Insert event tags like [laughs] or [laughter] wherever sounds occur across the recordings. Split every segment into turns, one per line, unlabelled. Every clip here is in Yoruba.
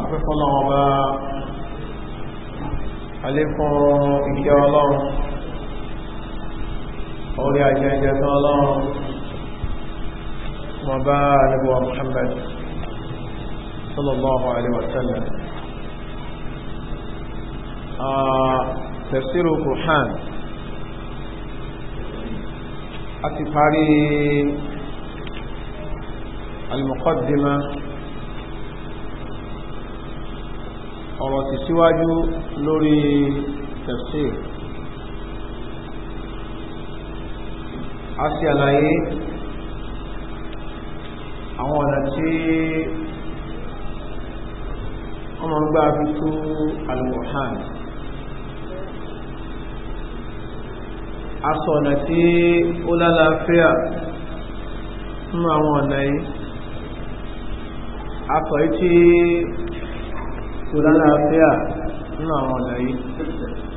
àpẹ́fọ́lọ́ ọba alékún ìkẹ́ ọlọ́run orí àjẹ́jẹ́ tán
ọlọ́run wọ́n bá àríwá Muhammad sallallahu alaihi wasallam
tafsiru Qur'an a ti parí al-muqaddimah ọ̀rọ̀ ti síwájú lórí tafsir a sì àlàyé àwọn ọ̀nà tí ọmọ ń gbá bí tó al-Qur'an a sọ ọ̀nà tí ó lálàáfíà nínú àwọn ọ̀nà yìí a sọ yìí tí tó lálàáfíà nínú àwọn ọ̀nà yìí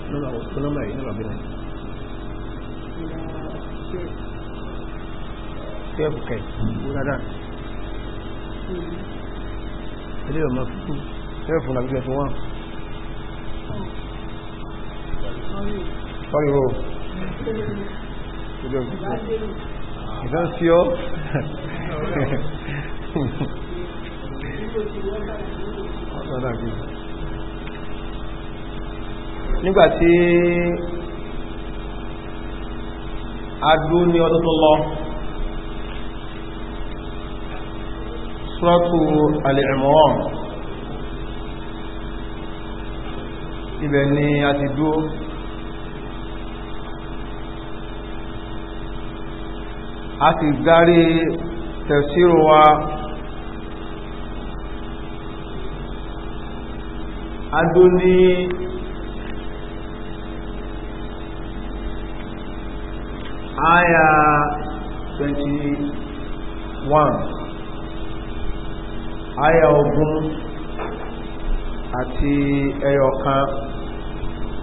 nínú àwọn òṣìṣẹ́lọ́mà yìí nínú àbínà
tẹ́ẹ̀bù kẹ̀ rárá ilé ọmọ fúkú tẹ́ẹ̀fù làbílẹ̀ tó wọ́n
sọ́rí o ìdánsí ọ́ gbàgbé
nígbàtí adó ní ọdún tó lọ suratu Al-Imran ibẹ̀ ni a ti dúó a ti dárí tafsiru wa adó ní
Twenty One àyà ogún Ati ẹyọ kan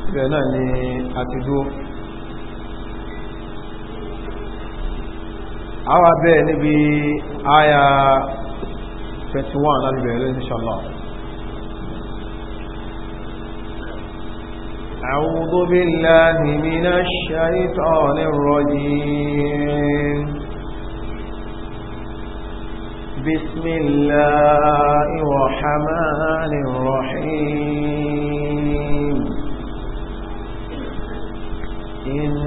ibẹ̀ náà ni àti dúó àwa bẹ́ẹ̀ níbi àyà 21 láti bẹ̀rẹ̀ inshallah أعوذ بالله من الشيطان الرجيم بسم الله الرحمن الرحيم إن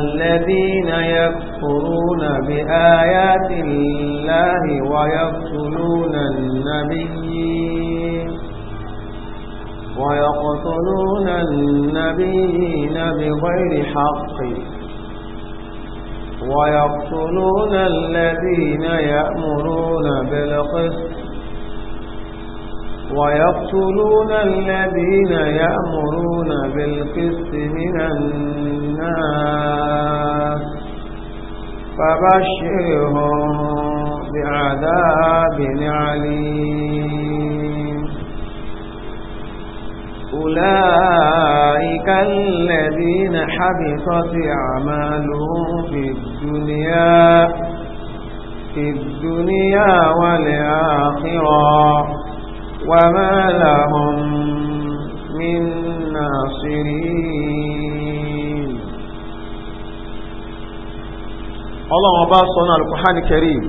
الذين يكفرون بآيات الله ويقتلون النبيين ويقتلون النبيين بغير حق ويقتلون الذين يأمرون بالقسط ويقتلون الذين يأمرون بالقسط من الناس فبشرهم بعذاب عليم أولئك الذين حبطت أعمالهم في الدنيا في الدنيا والآخرة وما لهم من ناصرين الله أبا صنع القرآن الكريم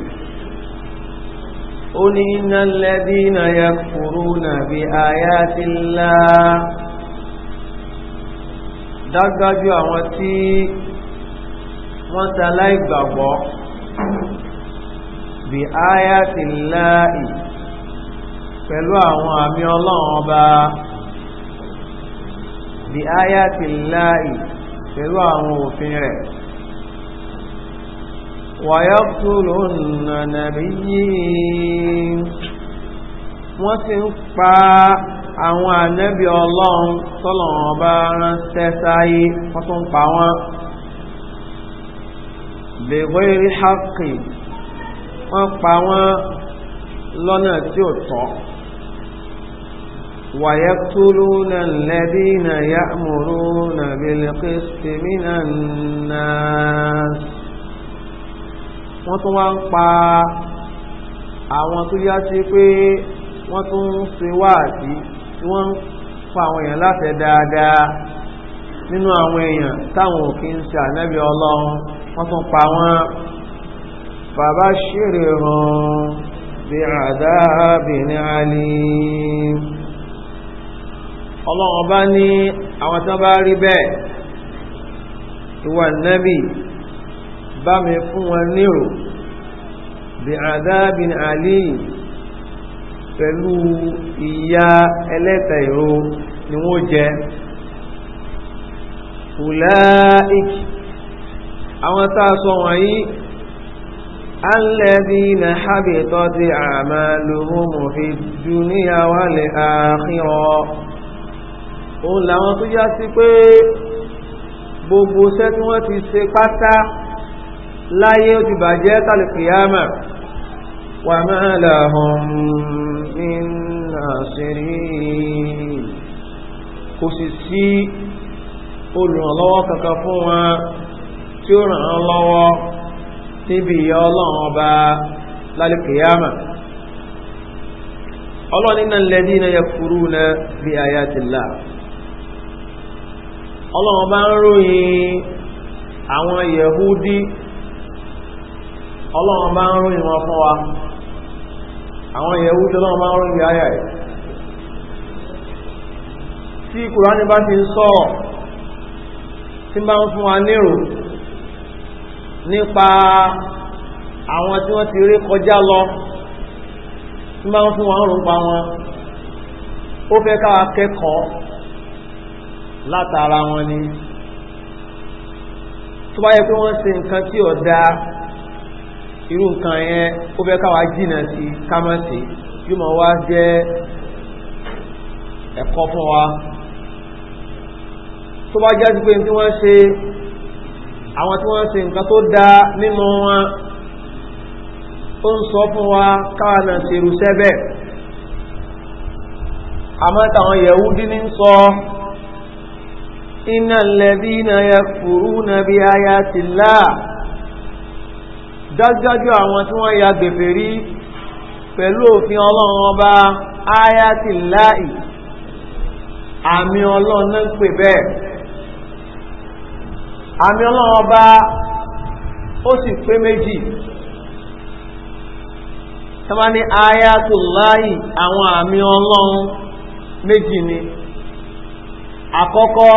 قل إن الذين يكفرون بآيات الله dágbájú àwọn tí wọ́n ta láìgbàgbọ́ bí áyàtì láì pẹ̀lú àwọn àmì ọlọ́run ọba bí áyàtì láì pẹ̀lú àwọn òfin rẹ̀ ويقتلون النبيين wọ́n ti ń pa àwọn ànẹ́bí ọlọ́run tọ́lọ̀wọ́n bá ránṣẹ́ sáyé wọ́n tún pa wọ́n bèèrè rí hapkì wọ́n pa wọ́n lọ́nà tí ó tọ́ ويقتلون الذين يأمرون بالقسط من الناس wọ́n tún wá ń pa àwọn tó yá sí pé wọ́n tún ń ṣe wáàsí tí wọ́n ń pa àwọn èèyàn láfẹ́ dáadáa nínú àwọn èèyàn táwọn òkè ṣe ànábì ọlọ́run wọ́n tún pa wọ́n bàbá ṣèrè rán bí àdáàbìnrin alim ọlọ́run bá ní àwọn tí wọ́n bá rí bẹ́ẹ̀ ìwà nábì bá mi fún wọn nírò bí àdábìn àlì pẹ̀lú ìyà ẹlẹ́tẹ̀ ìró ni wọ́n jẹ fùláìkì àwọn tá a sọ wọ̀nyí alẹ́dínà hábìtọ́ ti àmàlùmù fi dúníyà wà lè àkírọ̀ òun làwọn tó yá sí pé gbogbo iṣẹ́ wọ́n ti ṣe pátá láyé ó ti bàjẹ́ tàlùkìyàmà wà máa làhùn min nasirin kò sì sí olùrànlọ́wọ́ kankan fún wọn tí ó ràn án lọ́wọ́ níbi ìyà ọlọ́run ọba lálùkìyàmà ọlọ́run nínú lẹ́dí náà yakfuruna bí ayatillah ọlọ́run bá ń ròyìn àwọn yẹ̀húdí ọlọ́run bá ń ròyìn wọn fún wa àwọn ìyẹ̀wú tó lọ́run bá ń ròyìn ayà ẹ̀ tí kùránì bá ti ń sọ tí bá ń fún wa nírò nípa àwọn tí wọ́n ti rí kọjá lọ tí bá ń fún wa ń rò pa wọn ó fẹ́ ká kẹ́kọ̀ọ́ látara wọn ni tó bá yẹ pé wọ́n ṣe nǹkan tí ò dáa irú nǹkan yẹn ó fẹ́ káwà jìnà sí kámọ́sí yóò máa wá jẹ́ ẹ̀kọ́ fún wa tó bá jẹ́ pé tí wọ́n ṣe àwọn tí wọ́n ṣe nǹkan tó dá nínú wọn ó ń sọ fún wa káwà náà ṣe irúṣẹ́ bẹ́ẹ̀ àmọ́ táwọn Yẹhudi ní ń sọ innal ladhina yakfuruna bi ayati llah dájúdájú àwọn tí wọ́n ya gbèfè rí pẹ̀lú òfin ọlọ́run ọba ayati láì àmì ọlọ́run ń pè bẹ́ẹ̀ àmì ọlọ́run ọba ó sì pé méjì sábà ní ayati láì àwọn àmì ọlọ́run méjì ni àkọ́kọ́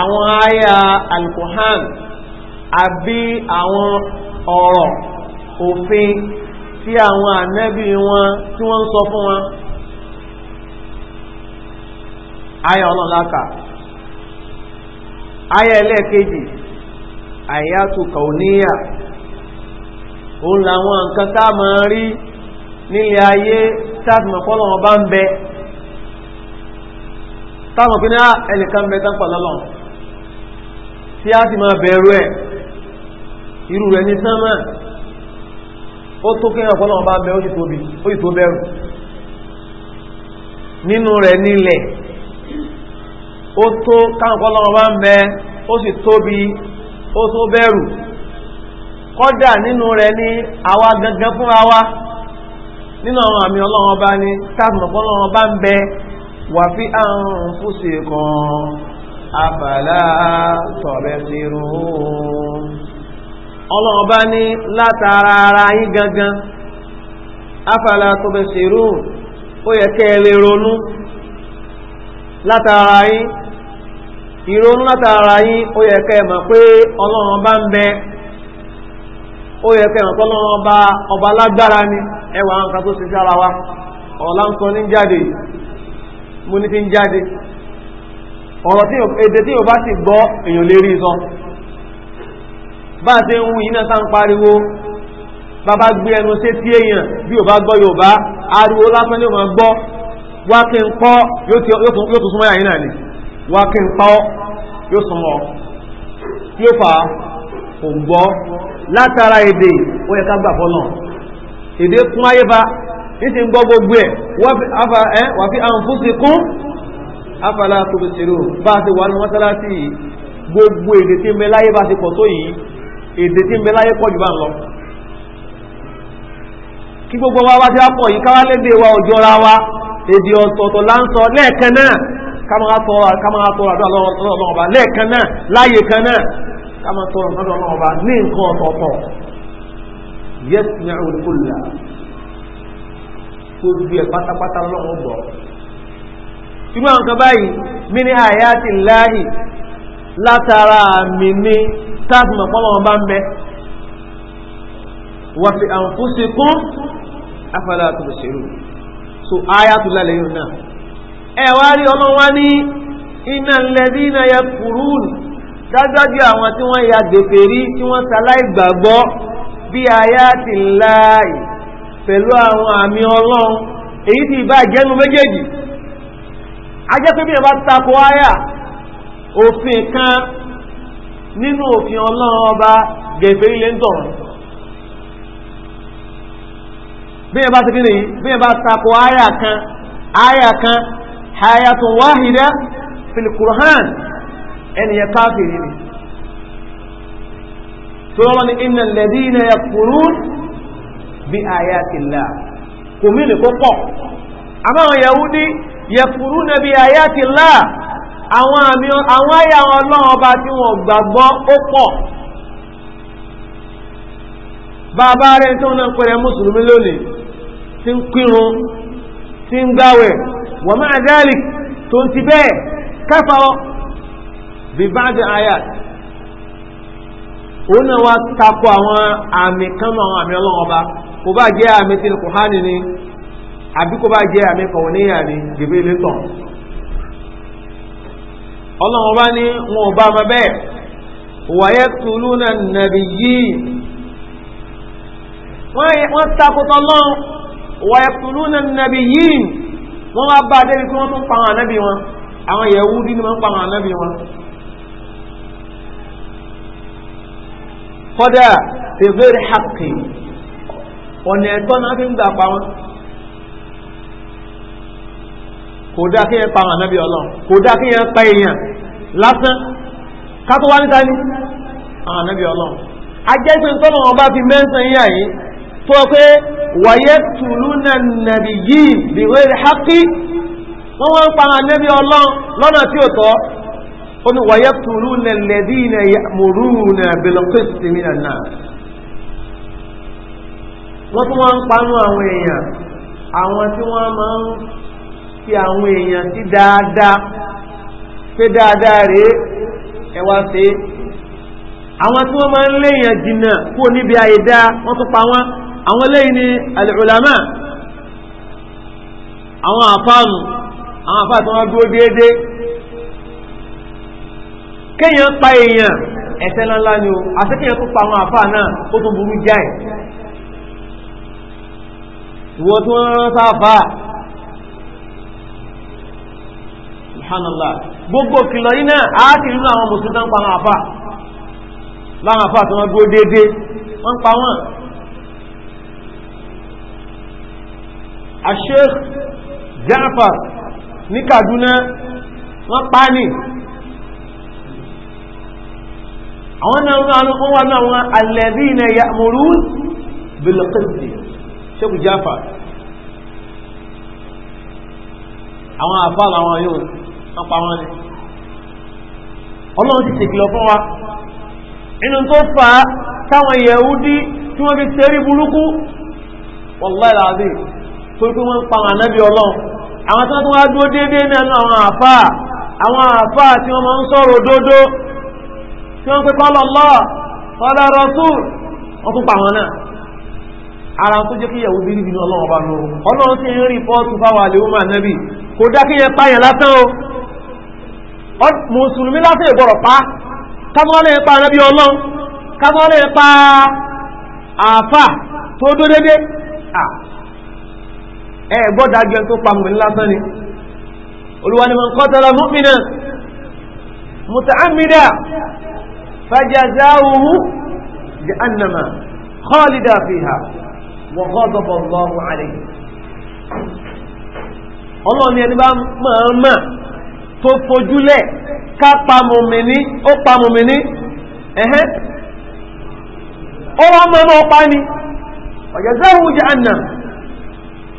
àwọn aya alkohan àbí àwọn ọ̀rọ̀ òfin tí àwọn ànábì wọn tí wọ́n ń sọ fún wọn àyà ọlọ́láka àyà ẹlẹ́ẹ̀kejì àyàtù kàuníyà òun làwọn nǹkan tá máa rí nílé ayé ń bẹ táàmù tí a sì máa bẹ̀rù ẹ̀ irú rẹ̀ ní sánmà ó tó kí ẹ̀kọ́ náà bá ó sì tó bẹ̀rù nínú rẹ̀ nílẹ̀ ó tó káàkọ́ ó sì tóbi ó tó bẹ̀rù kọ́dà nínú rẹ̀ ní àwa gangan fúnra wa nínú àwọn àmì ọlọ́run ni táàmù ọba ń bẹ wà afala tubsirun ọlọ́ọ̀bá ní látara ara yín gangan afala tubsirun ó yẹ kẹ́ ẹ lè ronú látara yín ìrònú látara yín ó yẹ kẹ́ ẹ mọ̀ pé ọlọ́run bá ń bẹ ó yẹ kẹ́ ẹ mọ̀ pé ọlọ́run bá ọba lágbára ni ẹwà nǹkan tó ṣe sára wa ọ̀la ń sọ ní jáde mo ní fi ń jáde ọ̀rọ̀ tí èdè tí ò bá sì gbọ́ èèyàn lè rí sọ bá ṣe ń iná sá ń pariwo bàbá gbé ẹnu ṣe tí èèyàn bí ò bá gbọ́ Yorùbá ariwo lásán ni ó máa gbọ́ wá kí n pọ́ yóò tún súnmọ́ yàyín náà ni wá kí n pọ́ yóò súnmọ́ kí ó fà á kò gbọ́ látara èdè ó yẹ ká gbà fọ́nà èdè kún ayé bá ní ti ń gbọ́ gbogbo ẹ̀ wà fi àǹfùsì kún afala tó fi ṣerú bá a ti wà ní mọ́sálásí yìí gbogbo èdè tí ń bẹ láyé bá ti pọ̀ tó yìí èdè tí ń bẹ láyé pọ̀ jù bá ń lọ kí gbogbo wa wá ti á pọ̀ yìí káwá lédè wa òjò ra wa èdè ọ̀tọ̀ọ̀tọ̀ là ń sọ lẹ́ẹ̀kan náà kámára tọrọ àdó ọlọ́run ọba lẹ́ẹ̀kan náà láyé kan náà kámára tọrọ àdó ọlọ́run ọba ní nǹkan ọ̀tọ̀ọ̀tọ̀ yẹ́sìn ẹ̀ irú àwọn kan báyìí mí ní àyàtì láàyè látara àmì ní táàbù mọ̀pọ́lọ́ wọn bá ń bẹ wọ́n fi àǹfóṣe kún afẹ́lá tó lè ṣerú so àyàtì lálẹ́ yóò náà ẹ wá rí ọmọ wa ní iná lẹ́dí iná yẹ kúrúùn dájọ́jú àwọn tí wọ́n ya gbèfèrí tí wọ́n ṣaláì gbàgbọ́ bí àyàtì láàyè pẹ̀lú àwọn àmì ọlọ́run èyí tí ìbá jẹ́nu méjèèjì ajẹ́ pé bí ẹ bá tako àyà òfin kan nínú òfin ọlọ́run ọba gẹ̀ẹ́fẹ́ ilé ń tọ̀run bí ẹ bá ti kíni yìí bí ẹ bá tako àyà kan àyà kan hayatun wahida fil Qur'an ẹnìyẹn káfìrí ni tó lọ́wọ́ ni innal ladina yakfurun bi ayati Allah kò mí lè kó pọ̀ àmọ́ àwọn Yahudi yẹ̀kùrú nàbí àyàtì láà àwọn àmì àwọn àyà àwọn ọlọ́run ọba tí wọ́n gbàgbọ́ ó pọ̀ bàbá rẹ̀ tó náà pẹ̀lẹ̀ mùsùlùmí lónìí tí ń kírun tí ń gbáwẹ̀ wọ́n máa dáàlì tó ti bẹ́ẹ̀ kẹfà ọ́ bíbájẹ́ àyàtì òun náà wá takò àwọn àmì kan àwọn àmì ọlọ́run kò bá jẹ́ àmì tí kò hánì ni àbí kó bá jẹ́ àmì kan níyà ni dèbè ilé tàn ọlọ́run bá ní wọn ò bá ma bẹ́ẹ̀ wàyẹ tùlú na nàbì yìí wọ́n takùtọ̀ lọ́n wàyẹ tùlú na nàbì yìí wọ́n wá bá débi kí wọ́n tún pa àwọn ànábì wọn àwọn yẹ̀wù dín ní wọ́n pa àwọn ànábì wọn. kọ́dà tèvèrè hàkì ọ̀nà ẹ̀tọ́ náà fi ń gbà pa wọn. kò dá kí yẹn pa àwọn ànábì ọlọ́run kò dá kí yẹn pa èèyàn lásán kátó wá níta ní àwọn ànábì ọlọ́run ajẹ́ pé tọ́nà wọn bá fi mẹ́sàn yìí tó pé tùlú na nàbì yìí bìwé hákí wọ́n ń pa àwọn lọ́nà tí ó tọ́ ó ní wàyẹ́ tùlú na lẹ́dí na mòrú na fi àwọn èèyàn sí dáadáa pé dáadáa rèé ẹwà sí àwọn tí wọ́n máa ń léèyàn jìnnà kúrò níbi àìdá wọ́n tó pa wọ́n àwọn lẹ́yìn ni al-ulama àwọn àfáànù àwọn àfáà tí wọ́n dúró déédé kéèyàn pa èèyàn ẹ̀ṣẹ̀ ńláńlá ni o àti kéèyàn tó pa àwọn àfáà náà ó tún burú jáì ìwọ tí wọ́n rán sáfàá subhanallah gbogbo kìlọ̀ yìí náà a ti nínú àwọn mùsùlùmí náà ń pa àwọn àfà láwọn àfà tí wọ́n dúró déédéé wọ́n pa wọ́n Sheikh Jafar ní Kaduna wọ́n pa ní àwọn náà wọ́n wà náà wọ́n alladhina ya'murun bil qisti Sheikh Jafar àwọn àfà làwọn yóò wọ́n pa ni ọlọ́run ti ṣèkìlọ̀ fún wa inú tó fà á táwọn yẹ̀húdí tí wọ́n fi ṣẹ́rí burúkú wallahi wọ́n pa ọlọ́run àwọn tó wá dúró déédéé náà nú àwọn àfáà àwọn tí wọ́n máa ń sọ̀rọ̀ òdodo tí wọ́n pe qala Allah qala rasul wọ́n ara tó jẹ́ kí yẹ̀wò ọba ọlọ́run ti mùsùlùmí lásán ìgbọ̀rọ̀ pa kámọ́lẹ̀ pa anábí ọlọ́run kámọ́lẹ̀ pa àfà tó dó dédé ẹ gbọ́dọ̀ agbẹ́ tó pa mùsùlùmí lásán ni olúwa ni man qatala mu'minan muta'ammidan fajazawuhu jahannama khalida fiha wa ghadaba Allahu alayhi ọlọ́run tó fojúlẹ̀ ká pamòmìní ó pamòmìní ẹ̀hẹ́ ó wọ́n mọ́ náà pa ni ọ̀yẹ̀zẹ́hù jahannam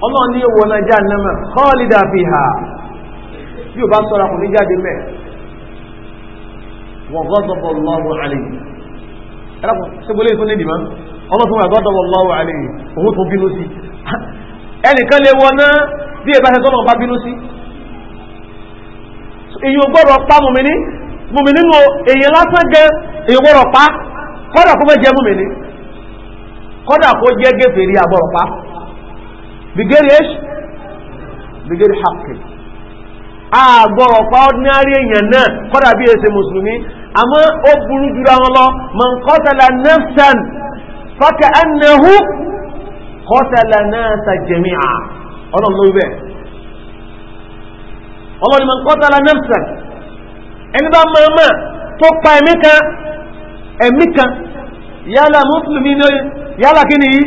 ọlọ́run ní owó náà jahannama khalida fiha bí o bá sọ́ra kò ní jáde mẹ́ wọ́n gọ́dọ̀bọ̀ lọ́wọ́ àlèyé ẹ̀rọ̀kùn sígbólé tó ní ìdìmọ́ ọlọ́tún wà gọ́dọ̀bọ̀ lọ́wọ́ àlèyé òun tó bínú sí ẹnìkan lè wọ́n náà bí ẹ̀bá ṣe tọ́nà bá bínú sí èyí ò gbọ́dọ̀ pa mùmìnì mùmìnì nù èyí lásán gẹ èyí gbọ́dọ̀ pa kọ́dà kó mẹ́jẹ mùmìnì kọ́dà kó jẹ́ gẹ́fẹ̀ẹ́rí àgbọ̀rọ̀ pa bigeri esh bigeri haqqi àgbọ̀rọ̀ pa ordinary èèyàn náà kọ́dà bí èsè mùsùlùmí àmọ́ ó burú jù ra wọn lọ man bẹ́ẹ̀ ọlọ́ni ma ń kọ́ta la nẹ́fẹ̀ ẹni bá máa máa tó pa ẹ̀mí kan ẹ̀mí kan yálà mùsùlùmí ní yálà kí ni yìí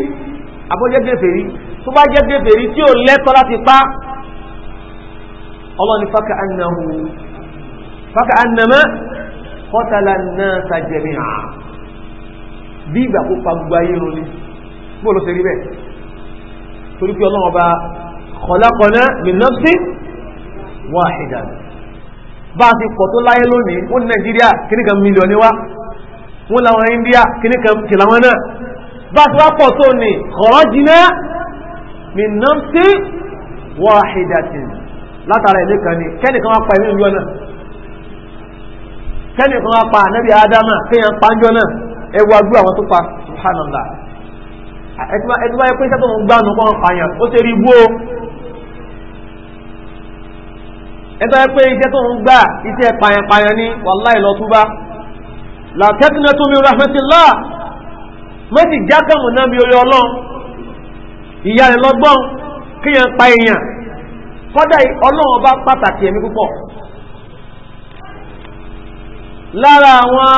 abọ́jẹ́gbẹ́ fèrí tó bá jẹ́gbẹ́ fèrí tí ò lẹ́tọ́ láti pa ọlọ́ni fákà annahu fákà annama kọ́ta la nasa jami'a bí ìgbà kó pa gbogbo ayé ronú bó ló ṣe rí bẹ́ẹ̀ torí pé ọlọ́run ọba khalaqana min nafsin wáhìdà bá a ti pọ̀ tó láyé lónìí wọ́n ní nàìjíríà kìnnìkan mílíọ̀nù wa wọ́n làwọn india kìnnìkan kìlàwọn náà bá a ti wá pọ̀ tó ní ọ̀rọ̀ jìnnà min nafsi wahidatin látara ilé kan ní kẹ́nìkan wá pa ìlú ìjọ náà kẹ́nìkan wá pa ànábì ádámà kéèyàn pàjọ náà ẹwọ agbó àwọn tó pa subhanallah ẹtùbá ẹpín sẹ́tọ̀ ń gbánu kọ́ pààyàn ó ṣe rí ẹ̀tọ́ ẹ pé iṣẹ́ tó ń gbà iṣẹ́ payanpayan ní wàláì lọ túbá làtẹ́tìnà tó mi rahmatillah méjì jákàmù náà bí orí ọlọ́run ìyá rẹ̀ lọ́gbọ́n kí yẹn pa èèyàn kọ́dà ọlọ́run ọba pàtàkì ẹ̀mí púpọ̀ lára àwọn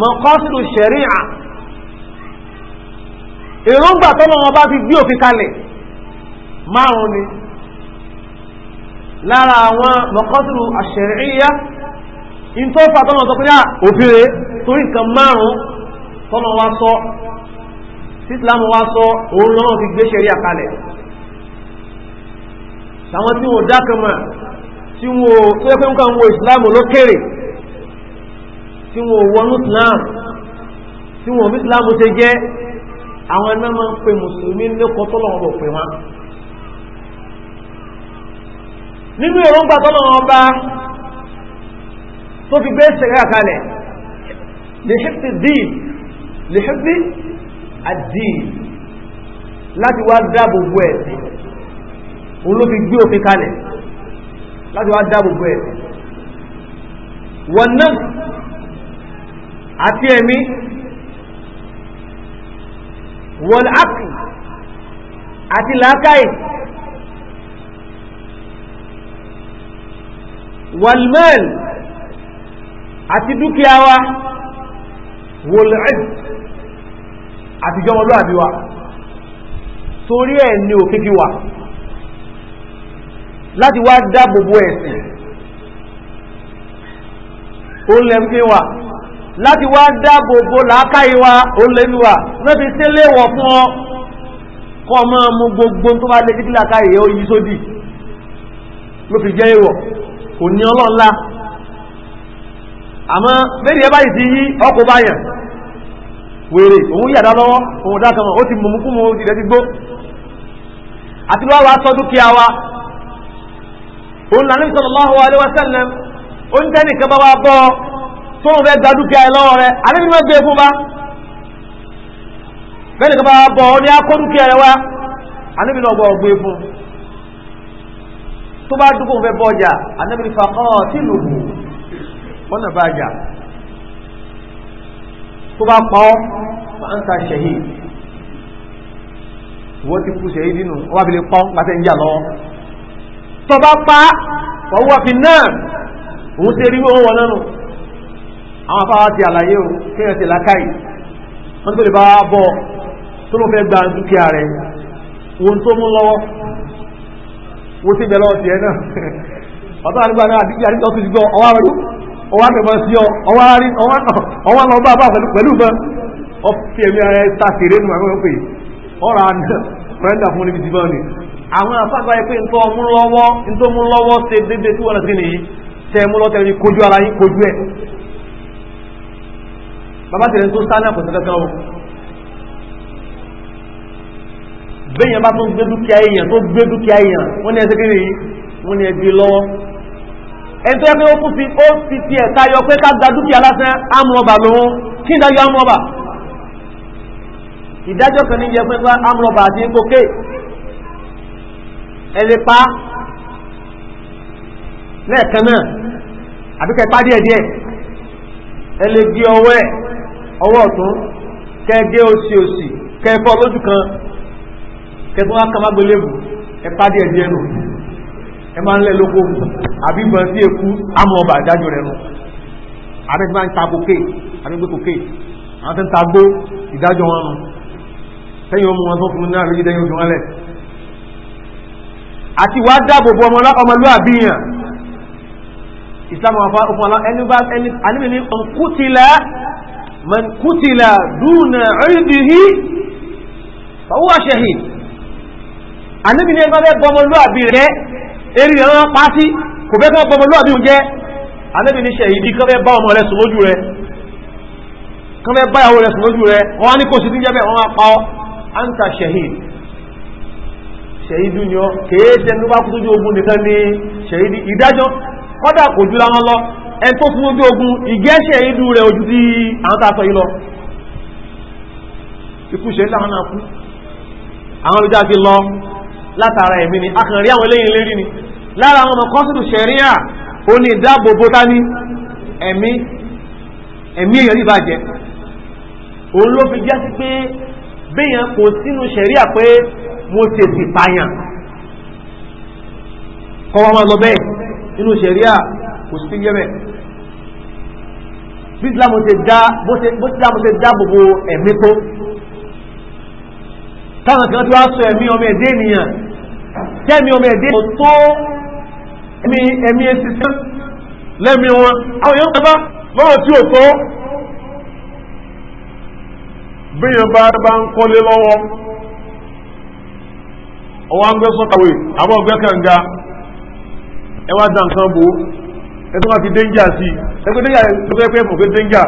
mọ̀kọ́sìlù ṣẹ̀ríà èròǹgbà tọ́lọ́run ọba fi gbé òfin kalẹ̀ márùn-ún ni lára àwọn mọ̀kọ́sùrù àṣẹ̀ríyá in tó fà tọ́nà tọ́kúrá òfìrè torí nǹkan márùn-ún tọ́nà wá sọ títìlámù wá sọ òun lọ́nà ti gbé ṣẹ̀rí àkalẹ̀ àwọn tí wọ́n dákàmà tí wọ́n tó yẹ́kọ́ nǹkan wo ìsìlámù lókèrè tí wọ́n wọnú islam tí wọ́n bí islam ṣe jẹ́ àwọn ẹ̀nà máa ń pe mùsùlùmí lẹ́kọ̀ọ́ tọ́lọ̀ ọ̀bọ̀ pè wọn nínú èròǹgbà tọ́nà ọba tó fi gbé ṣẹ̀rẹ́ àkálẹ̀ lèṣẹ́fì dìí lèṣẹ́fì àdìí láti wá dáàbòbò ẹ̀sìn òun ló fi gbé òfin kalẹ̀ láti wá dáàbòbò ẹ̀sìn wọ̀n náà àti ẹ̀mí wọ̀n àti làákàyè walmal àti dúkìá wa wòlẹ́d àti jọmọlúwàbí wa torí ẹ̀ ní òkèkí wa láti wá dá gbogbo ẹ̀sìn ó lẹ́mkí wa láti wá dá gbogbo làákàyè wa ó lẹ́mí wa náà ti sílẹ̀ wọ̀ fún ọ kọ́ mọ́ mú gbogbo tó bá lè kíkí làákàyè ó yí sódì ló jẹ́ ìwọ̀ kò ní ọlọ́ọ̀lá àmọ́ ya ẹ báyìí ti yí ọkọ̀ báyàn wèrè òun yàdá lọ́wọ́ òun dá kanmọ̀ ó ti mọ̀mú kú mọ̀ ti gbó àti wá sọ dúkìá wa òun là níbi sallallahu alaihi wasallam ó ń tẹ́ nìkan bá wá bọ́ tó ń fẹ́ dúkìá lọ́wọ́ rẹ ni wọ́n gbé e fún bẹ́ẹ̀ bọ́ ó ní akọ́ tó bá dúkò fẹ́ bọ́jà anábìrì faqatiluhu ọ̀nà bàjà tó bá pọ́ ma ń ta shahid wọ́n ti kú shahid nínú wọ́n fi lè pọ́ pàtẹ́ ń jà lọ tó bá pa wọ́n wà fi náà òun ti rí wọn wọnánù àwọn afáwà ti àlàyé o kéèyàn ti làákàyè wọ́n tó lè bá bọ́ tó ló fẹ́ gba dúkìá rẹ̀ ohun tó mú lọ́wọ́ wo sí bẹ̀rẹ̀ ọ̀tí ẹ̀ náà [laughs] bàbá àdúgbò náà àdíjì àdíjì ọ̀tún ti gbọ́ ọwọ́ àrùn ọwọ́ àgbẹ̀mọ̀ sí ọ ọwọ́ lọ bá bá pẹ̀lú bẹ́ẹ̀ ọ ẹ̀mí ara ẹ̀ tèrè nù àwọn ọ̀pẹ̀ ọ̀rọ̀ àná mẹ́ta fún níbi ti ni àwọn ntọ́ mú lọ́wọ́ ṣe tí wọ́n ti nìyí mú lọ́tẹ̀ bẹ́yàn bá tó gbé dúkìá èèyàn tó gbé dúkìá èèyàn wọ́n ní ẹsẹ̀ kiri wọ́n ní ẹgbẹ́ lọ́wọ́ ẹni tó yẹ pé ó kú sí ó fi ti ẹ̀ tayọ pé ká gba dúkìá lásán amúrọ̀bà lòun kí n dájọ́ amúrọ̀bà ìdájọ́ kan ní yẹ pé wá amúrọ̀bà àti kókè ẹ lè pa lẹ́ẹ̀kan náà àbí kẹ́ pa díẹ̀díẹ̀ ẹ lè gé ọwọ́ ẹ̀ ọwọ́ ọ̀tún kẹ́ gé òsì òsì kẹ́ fọ́ lójú kan kẹtọ́ wá kàmá gbélébù ẹ pàdé ẹ̀dí ẹnu ẹ máa ń lẹ́ lóko àbí ìbọn sí eku àmọ́ ọba àdájọ́ rẹ̀ nù àbí ti máa ń ta kókè àbí gbé kókè àwọn tó ń ta gbó ìdájọ́ wọn nù sẹ́yìn ọmọ wọn tó fún náà lójú dẹ́yìn oṣù wọn lẹ̀ àti wàá dáàbò bo ọmọ ọmọlúwàbí yàn ìsìlámù àwọn ọmọ ẹni àníbi ní ọ̀nkútìlá mọ̀nkútìlá dúnà ọ̀rìndìhí fọwọ́ ṣẹ̀hìn àníbi ní ẹgbẹ́ bọmọlúàbí rẹ̀ eré rẹ̀ wọ́n pa sí kò fẹ́ kọ́ bọmọlúàbí oúnjẹ àníbi ní ṣẹ̀yìdí kan fẹ́ bá ọmọ rẹ̀ sùn rẹ̀ kan fẹ́ bá ìyàwó rẹ̀ sùn rẹ̀ wọ́n ní kò sí ti jẹ́bẹ̀ wọ́n á pa ọ́ anta ṣẹ̀yìd ṣẹ̀yìdú ni ọ́ kèé ṣe ní wákú tó ju ogun nìkan ní ṣẹ̀yìdí ìdájọ́ kọ́dà kò ju láwọn lọ ẹni tó fún ojú ogun ìgẹ́ ṣẹ̀yìdú rẹ̀ ojú tí àwọn tá yìí lọ ikú ṣe láwọn náà kú àwọn olùjáde lọ látara ẹ̀mí ni akànrí àwọn eléyìn lérí ni lára àwọn ọmọkọ́sìdù ṣẹ̀ríà ó ní ìdáàbòbò tá ní ẹ̀mí ẹ̀mí èèyàn ní ìbàjẹ́ òun ló fi jásí pé béèyàn kò sínú ṣẹ̀ríà pé mo tètè pààyàn kọ́ wa máa lọ bẹ́ẹ̀ nínú ṣẹ̀ríà kò sí yẹ́ bẹ́ẹ̀ bí Islam ṣe dá bó ṣe Islam ṣe dáàbòbò ẹ̀mí tó táwọn kan tí wá sọ ẹ̀mí ọmọ ẹ̀dẹ́ ènìyàn kẹ́mi ọmọ ẹ̀dẹ́ kò tó ẹ̀mí etí tán lẹ́mi wọn àwọn èèyàn kan bá lọ́rọ̀ tí ò tó bíyàn bá bá ń kọ́lé lọ́wọ́ ọwọ́ ń gbé sọ́kàwé àbọ̀ ọ̀gbẹ́ kànga ẹ wá dá nǹkan bò ẹ tó máa fi dénjà sí ẹ pé dénjà tó fẹ́ pé mọ̀ pé dénjà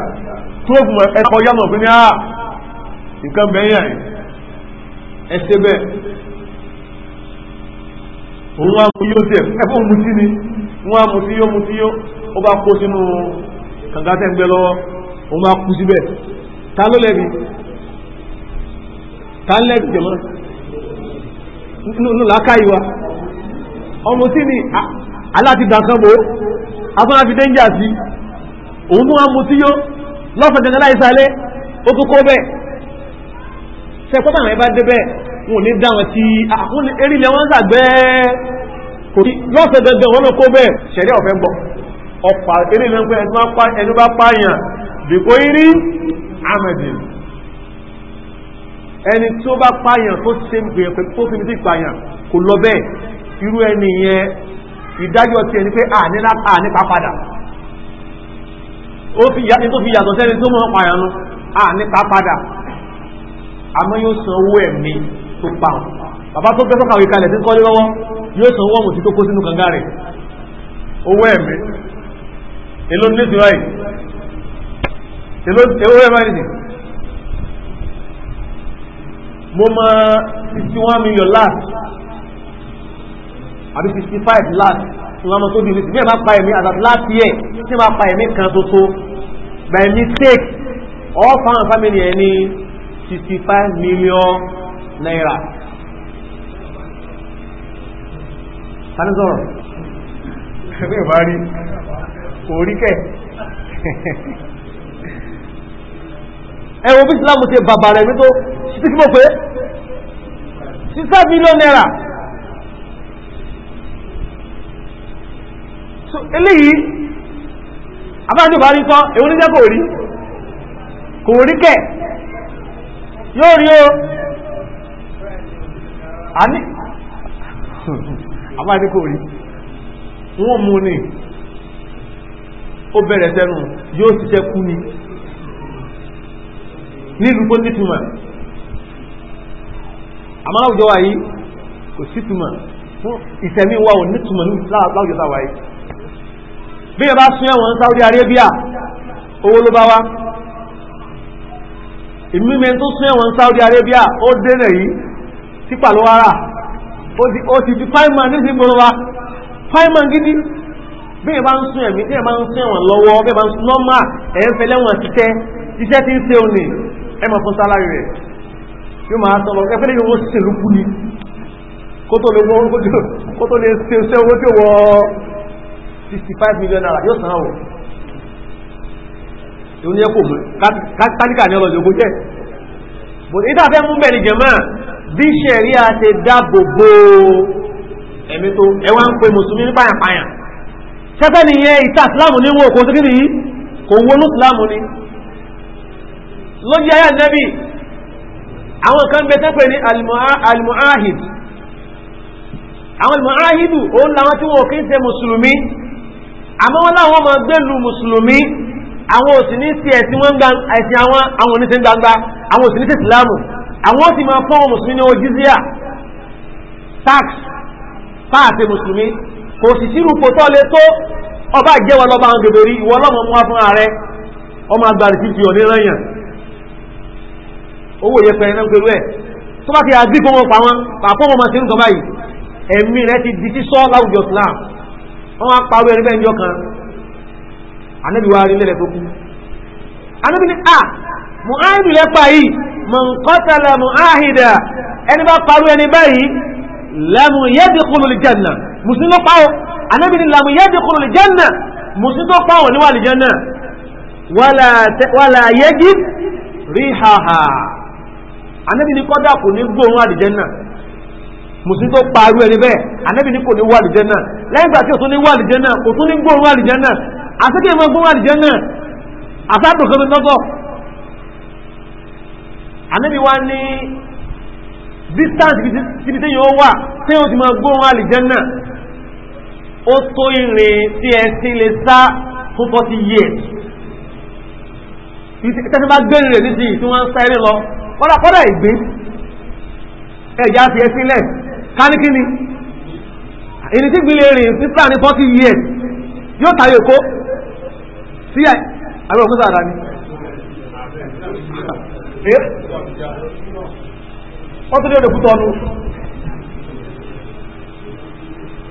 tó ògùn ẹ kọjá mọ̀ pé ní à ah, nǹkan bẹ́ẹ̀ yàn ẹ ṣe bẹ́ẹ̀ òun wá mú yóò tẹ̀ ẹ̀fọ́ mú sí ni wọ́n á mú sí yóò mú sí yóò ó bá kó sínú kànga tẹ́ ń gbẹ lọ́wọ́ òun bá kú síbẹ̀ ta ló lẹ́bi ta ń lẹ́bi jẹ̀mọ́ nínú làákàyè wa ọmọ sí ni aláti dàkan bò afọ́nà fi dẹ́njà sí òun mú wa mú yóò lọ́sàn-án gẹ́gẹ́ ó tó bẹ́ẹ̀ ṣe pọ́tà ẹ bá dé bẹ́ẹ̀ wọn ní dáwọn tí àwọn erílẹ̀ wọ́n sàgbẹ́ lọ́sẹ̀ dandan wọ́n kó bẹ́ẹ̀ ṣẹ̀rí ọ̀fẹ́ gbọ́ ọ̀pá erílẹ̀ ń pẹ́ ẹni bá pààyàn bìkó irí amẹ̀dì ẹni tó bá pààyàn tó ṣe gbìyànjú tó fi sí pààyàn kò lọ bẹ́ẹ̀ irú ẹni yẹn ìdájọ́ ti ẹni pé ànípa padà ó fi yàtọ̀ sẹ́ni tó mọ́ pààyàn ànípa padà àmọ́ yóò san owó ẹ̀mí tó pa ọ̀ bàbá tó gbẹ́sọ́ kàwé kalẹ̀ tí ń kọ́lé lọ́wọ́ yóò sọ wọ́n mú ti tó kó sínú kànga rẹ̀ owó ẹ̀mí èló ní ti ráì èló ẹ̀mí ní mo mọ 61 million last àbí 65 last tí wọ́n mọ́ tó bí nítorí bá pa ẹ̀mí àtàtì last year tí wọ́n pa ẹ̀mí kan tó tó by mistake all found family ẹni 65 million náírà tani sọ̀rọ̀ ẹgbẹ́ ìbá rí orí ẹwọ bí islam ṣe bàbà rẹ̀ ní tó ṣí kí mọ̀ pé sísá mílíọ̀n náírà so eléyìí abájọ́ bá rí tán èwo ní jẹ́ kò rí kò rí kẹ́ yóò rí o a ní àbá ní kò rí wọ́n mú ní ó bẹ̀rẹ̀ sẹ́nu yóò ṣiṣẹ́ kú ni nílùú tó ní túmọ̀ àmọ́ láwùjọ wa yìí kò sí túmọ̀ fún ìsẹ̀mí wa ò ní túmọ̀ ní láwùjọ wa yìí bí ẹ bá sún ẹ̀wọ̀n Saudi Arabia owó ló bá wá ìmúmẹ́ tó sún ẹ̀wọ̀n Saudi Arabia ó dé nà yìí sípà ló wá rà ó ti di fáìmà nísìnyí gbọ́dọ̀ wa fáìmà gidi bí ẹ bá ń sún ẹ̀mí bí ẹ bá ń sún ẹ̀wọ̀n lọ́wọ́ bí ẹ bá ń sún lọ́mà ẹ̀ ń fẹlẹ́ wọn títẹ́ iṣẹ́ tí ń ṣe òní ẹ máa fún sálárì rẹ̀ yóò máa sọ lọ ẹfẹ́ lẹ́yìn owó ṣèlú kú ni kó tó lè ṣe iṣẹ́ owó tí ó wọ 65 million naira yóò san àwọ̀ ìwọ́n ni ẹ kò mú kátàkà ní ọlọ́dún ogójẹ́ bòdì ìdáfẹ́ mú bẹ̀rẹ̀ jẹ̀máà bí ṣẹ̀ríà ṣe dáàbò bo ẹ̀mí tó ẹwà ń pe mùsùlùmí ní pàyàpàyà ṣẹ́fẹ́ nìyẹn ìta ìsìláàmù ní wọn kò síkìrì yìí kò wọnú islam ni lójú ayé àwọn kan bẹ tẹ́pẹ̀ ní almuahid àwọn almuahidu òun làwọn tí wọn kì í ṣe mùsùlùmí àmọ́ wọn láwọn ọmọ gbẹ́lu mùsùlùmí àwọn òsì ní sí ẹ̀sìn wọn gbà ẹ̀sìn àwọn àwọn oníṣẹ́ gbangba àwọn òsì ní sí àwọn ti máa fún mùsùlùmí ní ojizia tax páàtì mùsùlùmí kò sì sírù kò tọ́ lé tó ọba jẹ́wọ́ lọ́ba àwọn gẹ̀gẹ̀rí ìwọ ọlọ́mọ mú wá fún ààrẹ ọmọ agbára sí ti ọ̀nà ìrànyàn owó yẹ pẹ̀lú náà pẹ̀lú ẹ̀ tó bá ti àgbí kó wọn pa wọn pàpọ̀ wọn máa ti ń gọba yìí ẹ̀mí rẹ ti di sísọ́ láwùjọ Islam wọn wá pa owó ẹni bẹ́ẹ̀ njọ́ kan anábìwá rí lẹ́lẹ̀ tó kú anábì ní à mọ̀ áìdù lẹ́pà yìí man qatala mu'ahida ẹni bá parú ẹni báyìí lamu yadkhulu aljanna mùsùlùmí pa ọ́ anábì ni lamu yadkhulu aljanna mùsùlùmí tó pa ọ́ níwà aljanna wala yajid rihaha anábì ni kọ́dà kò ní gbóhùn aljanna mùsùlùmí tó parú ẹni bẹ́ẹ̀ anábì ni kò ní wà aljanna lẹ́yìn ìgbà tí ò tún ní wà aljanna kò tún ní gbóhùn aljanna àti kí ẹ máa ànábì wá ní distance ibi tí yóò wà tí yóò ti máa gbóhùn àlìjẹ́nà ó tó ìrìn tí ẹ sí lè sá fún 40 years tẹ́sí bá gbé rẹ̀ ní sí tí wọ́n ń sáré lọ kọ́dàkọ́dà ìgbé ẹ̀já fi ẹ sílẹ̀ káníkíní èyí tí gbílé rìn títà ní 40 years yóò tàyè kó sí àwọn òkúta àdáni wọ́n tó ní ọdún púpọ̀ ọdún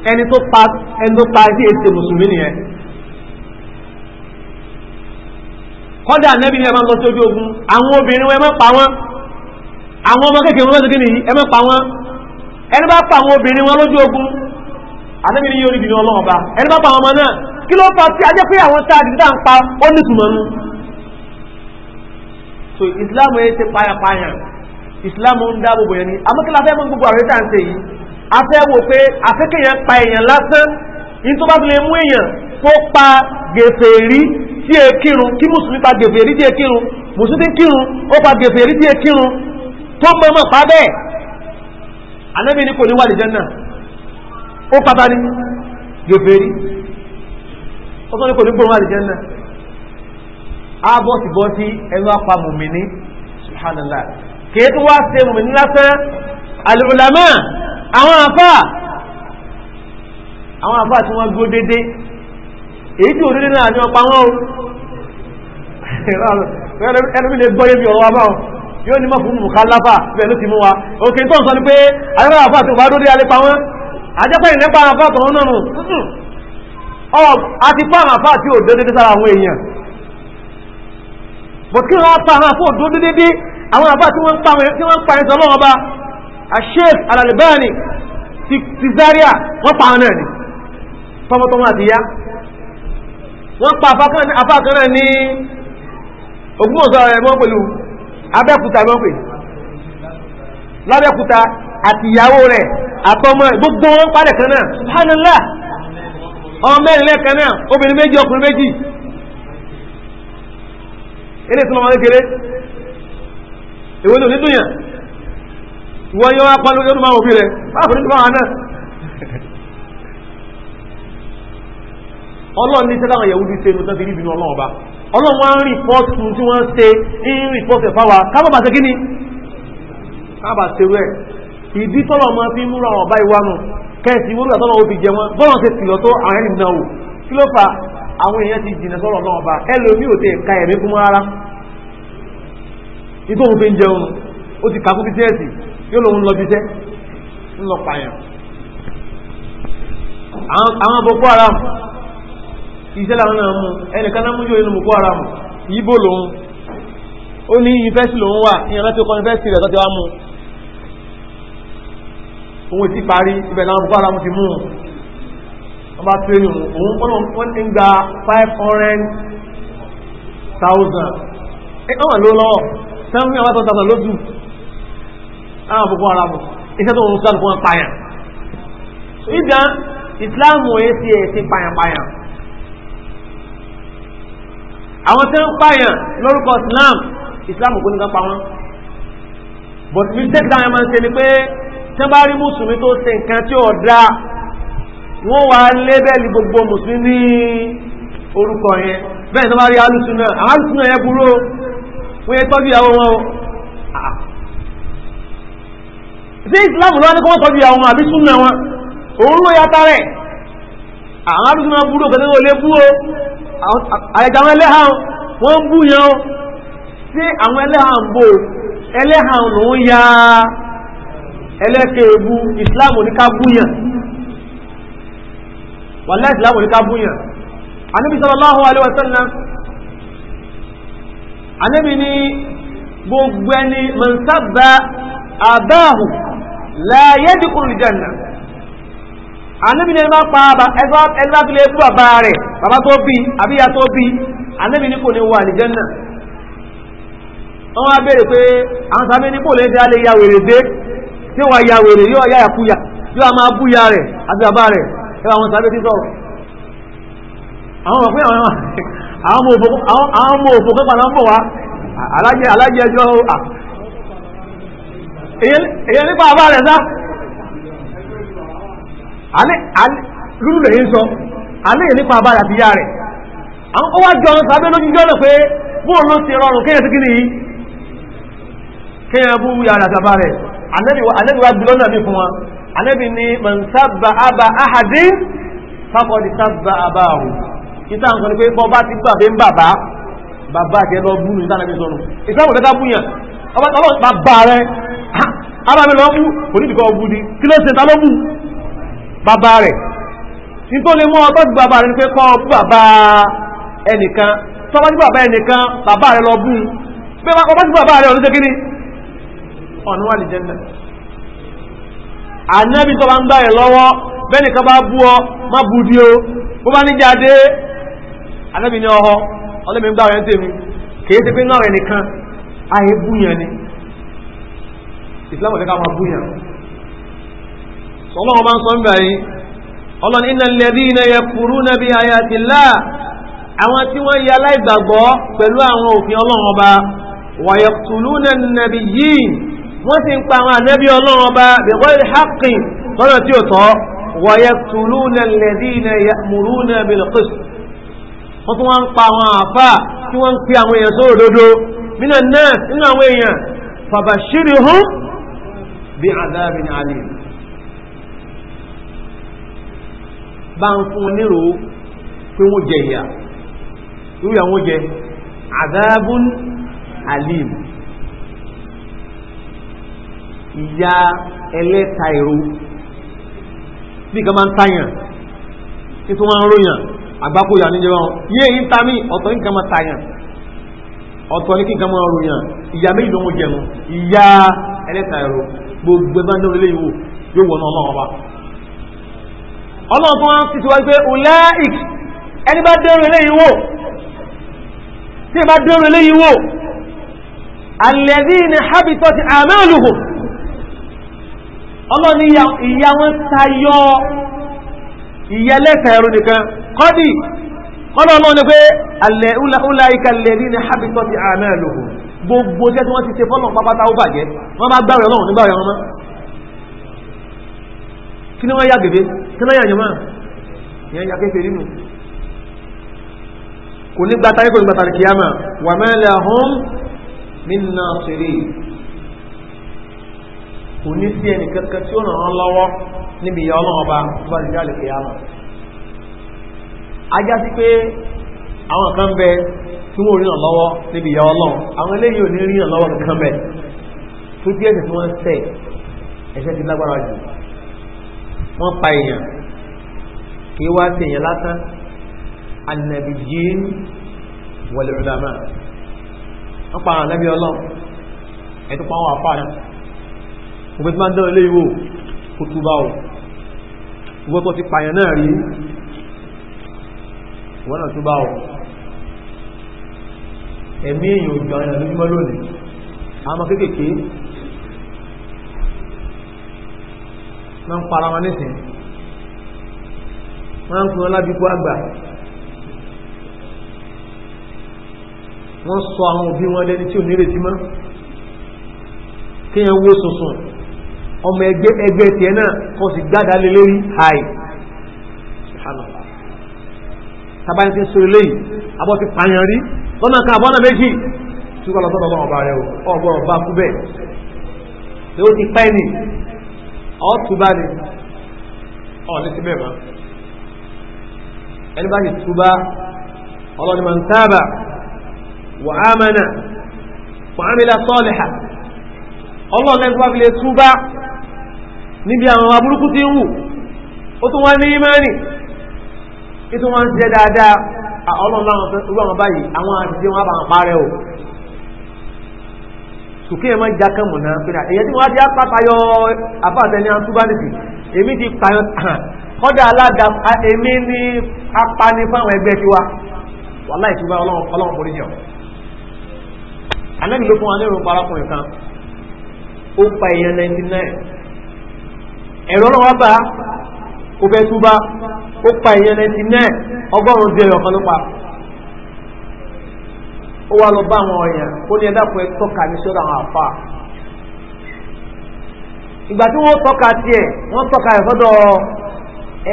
ẹni tó pa ẹni tó pa sí èsì mùsùlùmí nìyẹn kọ́dà nẹ́bí ní lọ sí ogun àwọn obìnrin wọn ẹ má pa àwọn ọmọ kékeré wọn lọ́sọ́kí nìyí ẹ má pa ẹni bá wọn ogun yóò rí ẹni bá pa àwọn ọmọ náà kí ló sí ajẹ́ pé àwọn so islam yẹn ti payapaya islam ń dáàbò bò yẹn ni amúkìlá fẹ́ mú gbogbo àwọn ètò àǹtẹ̀ yìí a fẹ́ wò pé afẹ́kẹ̀yàn pa èèyàn lásán ní tó bá fi lè mú èèyàn tó pa gèfèrí tí è kírun kí mùsùlùmí pa gèfèrí tí è kírun mùsùlùmí kírun ó pa gèfèrí tí è kírun tó mọ̀mọ̀ pa bẹ́ẹ̀ anábì ní kò ní wà lè jẹ́nà ó pa bá ní gèfèrí ó sọ ní kò ní gbòòrùn wà lè jẹ́nà ábọ̀tìbọ́tì ẹnu apá mùmìnì subhanallah kìí tó wá ṣe mùmìnì lásán alùlámà àwọn àfà àwọn àfà tí wọ́n gbó dédé èyí tí òdédé náà ní ọpa wọn o ẹnu lè gbọ́ yẹbi ọwọ́ abáwọn yóò ní mọ̀ fún mùkálàfà bẹ́ẹ̀ ló ti mú wa òkè tó ń sọ ni pé àwọn àfà tó bá dódé alẹ́ pa wọn àjẹpẹ́ ìlẹ́pàá àfà tó ń nọ̀nù àti pàmà àfà tí ò dédé sára àwọn èèyàn bọ̀ kí wọ́n pa àwọn àfọ́ òdó dédé àwọn àbá tí wọ́n ń pa àwọn tí wọ́n ń pa ẹ̀sọ́ lọ́wọ́ bá Sheikh Al-Albani ti Zaria wọ́n pa àwọn náà ni tọmọtọmọ àti ya wọ́n pa afá kan náà ní ogún ọ̀sán rẹ̀ mọ́ pẹ̀lú Abẹ́òkúta mọ́ pè lábẹ́òkúta àti ìyàwó rẹ̀ àtọmọ gbogbo wọn pàdé kan náà subhanallah ọmọ mẹ́rin lẹ́ẹ̀kan náà obìnrin méjì ọkùnrin méjì ilé ìsinmi ọmọ kékeré ìwé ní onídùnyàn ìwọ́n yóò apá lórí ọdún máa òbí rẹ̀ báàbò ní ìwọ̀n náà ọlọ́run ní sẹ́lá àwọn yẹ̀wúdí ṣe lótọ́ fi rí ìbínú ọlọ́run ọba ọlọ́run wá ń rìpọ́ọ̀tù tí wọ́n ṣe ń rìpọ́ọ̀tù ẹ̀fà wa kábàbà ṣe kíni kábà ṣe rẹ̀ ìdí tọ́lọ̀ ọmọ fi múra ọba ìwánu kẹ́ẹ̀sì ìwúrú àtọ́lọ̀ ó fi jẹ wọn bọ́lọ̀ ṣe tìlọ́tọ́ àwọn ẹni náà wò kí ló fà àwọn èèyàn ti jìnà sọ́rọ̀ náà bá ẹlòmí ò tẹ́ ẹ̀ka ẹ̀mí fún rárá ìtò òun fi ń jẹun ó ti kàkú bí tẹ́ẹ̀sì yóò lòun lọ bíṣẹ́ ń lọ pààyàn àwọn Boko Haram iṣẹ́ làwọn náà mú ẹnìkan náà mú yóò inú Boko Haram yíbò lòun ó ní yunifásitì lòun wà ìyẹn láti kọ́ yunifásitì rẹ̀ tó ti wá mú òun ti parí ibẹ̀ làwọn Boko Haram ti mú un ọba tírénì òun wọ́n ti ń gba five hundred thousand ẹ ọmọ ló lọ́wọ́ seven hundred thousand lójú àwọn àbùkù ara bù iṣẹ́ tó ń sọ fún wọn pààyàn ìdá ìsìláàmù ẹ̀ ti ẹ̀ ti pààyàn pààyàn àwọn tí ń pààyàn lórúkọ islam islam kò ní ká pa wọn but mistake táwọn ẹ̀ máa ń ṣe ni pé tí wọ́n bá rí mùsùlùmí tó ṣe nǹkan tí ò dáa wọ́n wá lébẹ̀lì gbogbo mùsùlùmí ní orúkọ yẹn bẹ́ẹ̀ tó bá rí alùsùnà alùsùnà yẹ burú wọ́n yẹ tọ́jú ìyàwó wọn sí ah. ìsìláàmù lọ́wọ́ ní kọ́ tọ́jú ìyàwó wọn àbí súnà wọn òun ló yàtá rẹ̀ ah, àwọn alùsùnà burú bú o àyẹ̀jà wọn ẹlẹ́hà wọn bú o sí àwọn ẹlẹ́hà ń bò ẹlẹ́hà ń ya ẹlẹ́kẹ̀ẹ́bù islam ní ká bú wàláì ìsìlámù oníká búyàn anábì sallallahu alaihi wasallam anábì ní gbogbo ẹni man sabba abahu la yadkhulul janna anábì ní ẹgbà pa ẹgbà tó lè bú bàbá rẹ̀ bàbá tó bí àbíyá tó bí anábì ní kò ní wà ní janna wọ́n wá bèèrè pé àwọn sàbẹ́ ní bóòlù ẹ̀dẹ́ alẹ́ ya wèrè dé tí wọ́n ya wèrè yóò yá yàkúyà yóò máa búyà rẹ̀ àti bàbá rẹ̀ ẹwà àwọn sàbẹ́ tí sọ̀rọ̀ àwọn ọ̀pẹ́ àwọn ọmọ òfò kọ́pàá náà bọ̀ wá alájẹ́ alájẹ́ ẹjọ́ èyẹ nípa àbá rẹ̀ sá lúrù lè yí sọ alẹ́ nípa àbá rẹ̀ àti yá rẹ̀ ó wá jọ sàbẹ́ lójújọ́ rẹ̀ pé bóò ló ti rọrùn kéyàn sí kíni kéyàn bú yàrá àtàbá rẹ̀ alẹ́bíwá gbìlọ́nà mi fún wọn anẹ́bì ni man sabba aba ahadin faqad sabba abahu ìta ń sọ ní pé bọ́ bá ti gbàgbé ń bàbá bàbá jẹ́ lọ bú ní ìtànàbí sọ́nù ìsáàmù tẹ́ta bú yàn ọlọ́run bàbá rẹ̀ ara mi lọ bú onídìkọ́ bú ni kí ló ṣe ta ló bú bàbá rẹ̀ nítorí lè mú ọtọ́ ju bàbá rẹ̀ ni pé kọ́ bú bàbá ẹnìkan tọ́ bá ju bàbá ẹnìkan bàbá rẹ̀ lọ bú pé bá kọ́ bá ju bàbá rẹ̀ ọ̀nà ànábì tó bá ń gbáyẹ̀ lọ́wọ́ bẹ́ẹ̀ni kan bá bú ọ má bú di o bó bá níjà dé ànábì ní ọhọ ọlẹ́mi ń gbáyẹ̀ ṣe pé ni ọ̀fẹ́ ká máa sọlọ́wọ́ ń sọ ń ọlọ́ni àwọn tí ya aláìgbàgbọ́ pẹ̀lú àwọn òfin ọlọ́run wọ́n sì ń pa àwọn ànábì ọlọ́run ọba bẹ̀rẹ̀ ìhàkìn lọ́nà tí ó tọ́ wọ̀yẹ tùlú na lẹ́dí na múrú na bilqis wọ́n tún wọ́n ń pa àwọn àfà tí wọ́n ń pe àwọn èèyàn sórí òdodo nínú náà nínú àwọn èèyàn fàbàṣírí hún bí àdáàbì ní alẹ́ bá ń fún nírò pé wọ́n jẹ ìyà lórí àwọn jẹ àdáàbùn alẹ́ ìyá ẹlẹ́ta èrò bí kan máa ń tàyàn tí tó máa ń ròyàn àgbákòyà níjẹ́ wọn yé èyí ta mí ọ̀tọ̀ nìkan máa ọ̀tọ̀ ní máa ròyàn ìyá méjì ló jẹun ìyá ẹlẹ́ta gbogbo ẹgbẹ́ ìjọba ilé ìwò yóò wọ̀nà ọlọ́run ọba ọlọ́run tó wọ́n ti ti wáyé pé ẹni bá dẹ́rù tí ẹ bá dẹ́rù habitat ọlọ́ni ìyá wọn tayọ ìyẹlẹ́sẹ̀ ẹ̀rù nìkan kọ́dì kọ́dọ̀ ọlọ́run ni pé alẹ́ ula ika lẹ́ni ní habitọ́ ti àmì ẹ̀lòkù gbogbo jẹ́ tí wọ́n ti ṣe fọ́lọ̀ pápátá ó bàjẹ́ wọ́n bá gbàrẹ̀ ọlọ́run nígbà ọ̀yọ́ wọn kí ni wọ́n yá gèdè kí ni wọ́n yà yẹmọ́ yà kéfèé nínú kò ní gbàtàrí kò ní gbàtàrí kìyàmà wà mẹ́lẹ̀ ahùn nínú ṣeré kò ní sí ẹnì kankan tí ó ràn án lọ́wọ́ níbi ìyá ọlọ́run ọba tó bá ti dá lè kéya ajá sí pé àwọn kan bẹ tí wọ́n rìnà lọ́wọ́ níbi ìyá ọlọ́run àwọn eléyìí ò ní rìnà lọ́wọ́ kankan bẹ tó tí tí wọ́n ti lágbára jù wọ́n pa èèyàn kí wá sí èèyàn lásán wọ́n pa àwọn ẹ̀ tó pa ọgbẹ́ tí máa ń dán ilé ìwò kò túbá ọ̀ ọgbẹ́ tó ti pààyàn náà rí wọ́n náà túbá ọ̀ ẹ̀mí èyàn òjò àwọn ìlúmọ́ lónìí àmọ́ kéèkéé máa ń para wọn nísìn wọ́n ń fún wọn lábíkú àgbà wọ́n sọ àwọn òbí wọn lẹ́ni tí ò nírètí mọ́ kéèyàn wó sọ̀sọ̀ ọmọ ẹgbẹ́ ẹgbẹ́ tiẹ̀ náà gbádà lórí àì tàbáyé abọ́ ti pààyàn rí lọ́nà kan àbọ́nà méjì ṣùgbọ́n lọ́tọ́ lọ́wọ́ ọba rẹ̀ ọgbọ́n ọba kú bẹ́ẹ̀ tí ó ti pẹ́ ni ọ̀túbá ni ọ̀ní ti mẹ́ma ẹni bá ní túbá ọlọ́ni máa ń tábà wà á mẹ́nà wà níbi àwọn aburúkú tí ń wù ó tún wá ní ìmánì ìtú wọn ń ṣe dáadáa ọlọ́run láwọn fẹ́ irú àwọn báyìí àwọn àṣìṣe wọn bá wọn parẹ́ o sùkú ẹ̀ máa jákàn mọ̀ náà pé èyẹ tí wọ́n ti apápayọ àbáàtẹ ní asúbánìtì èmi ti payọ [clears throat] kọ́dà alága èmi ní apani fáwọn ẹgbẹ́ ti wa wàhálà ìtura ọlọ́run forí jẹun anábì ló fún wa ní ìrùn parakùnrin kan ó pa èèyàn 99 ẹ̀rọ náà wá bá ó fẹ́ túbá ó pa ìyẹn ninety nine ọgọ́rùn-ún di ẹ̀yọ̀ kan ló pa ó wá lọ bá àwọn èèyàn ó ní ẹ̀dá fún ẹ tọ́ka ní sọ́dọ̀ àwọn àfa ìgbà tí wọ́n tọ́ka tiẹ̀ wọ́n tọ́ka ẹ̀ sọ́dọ̀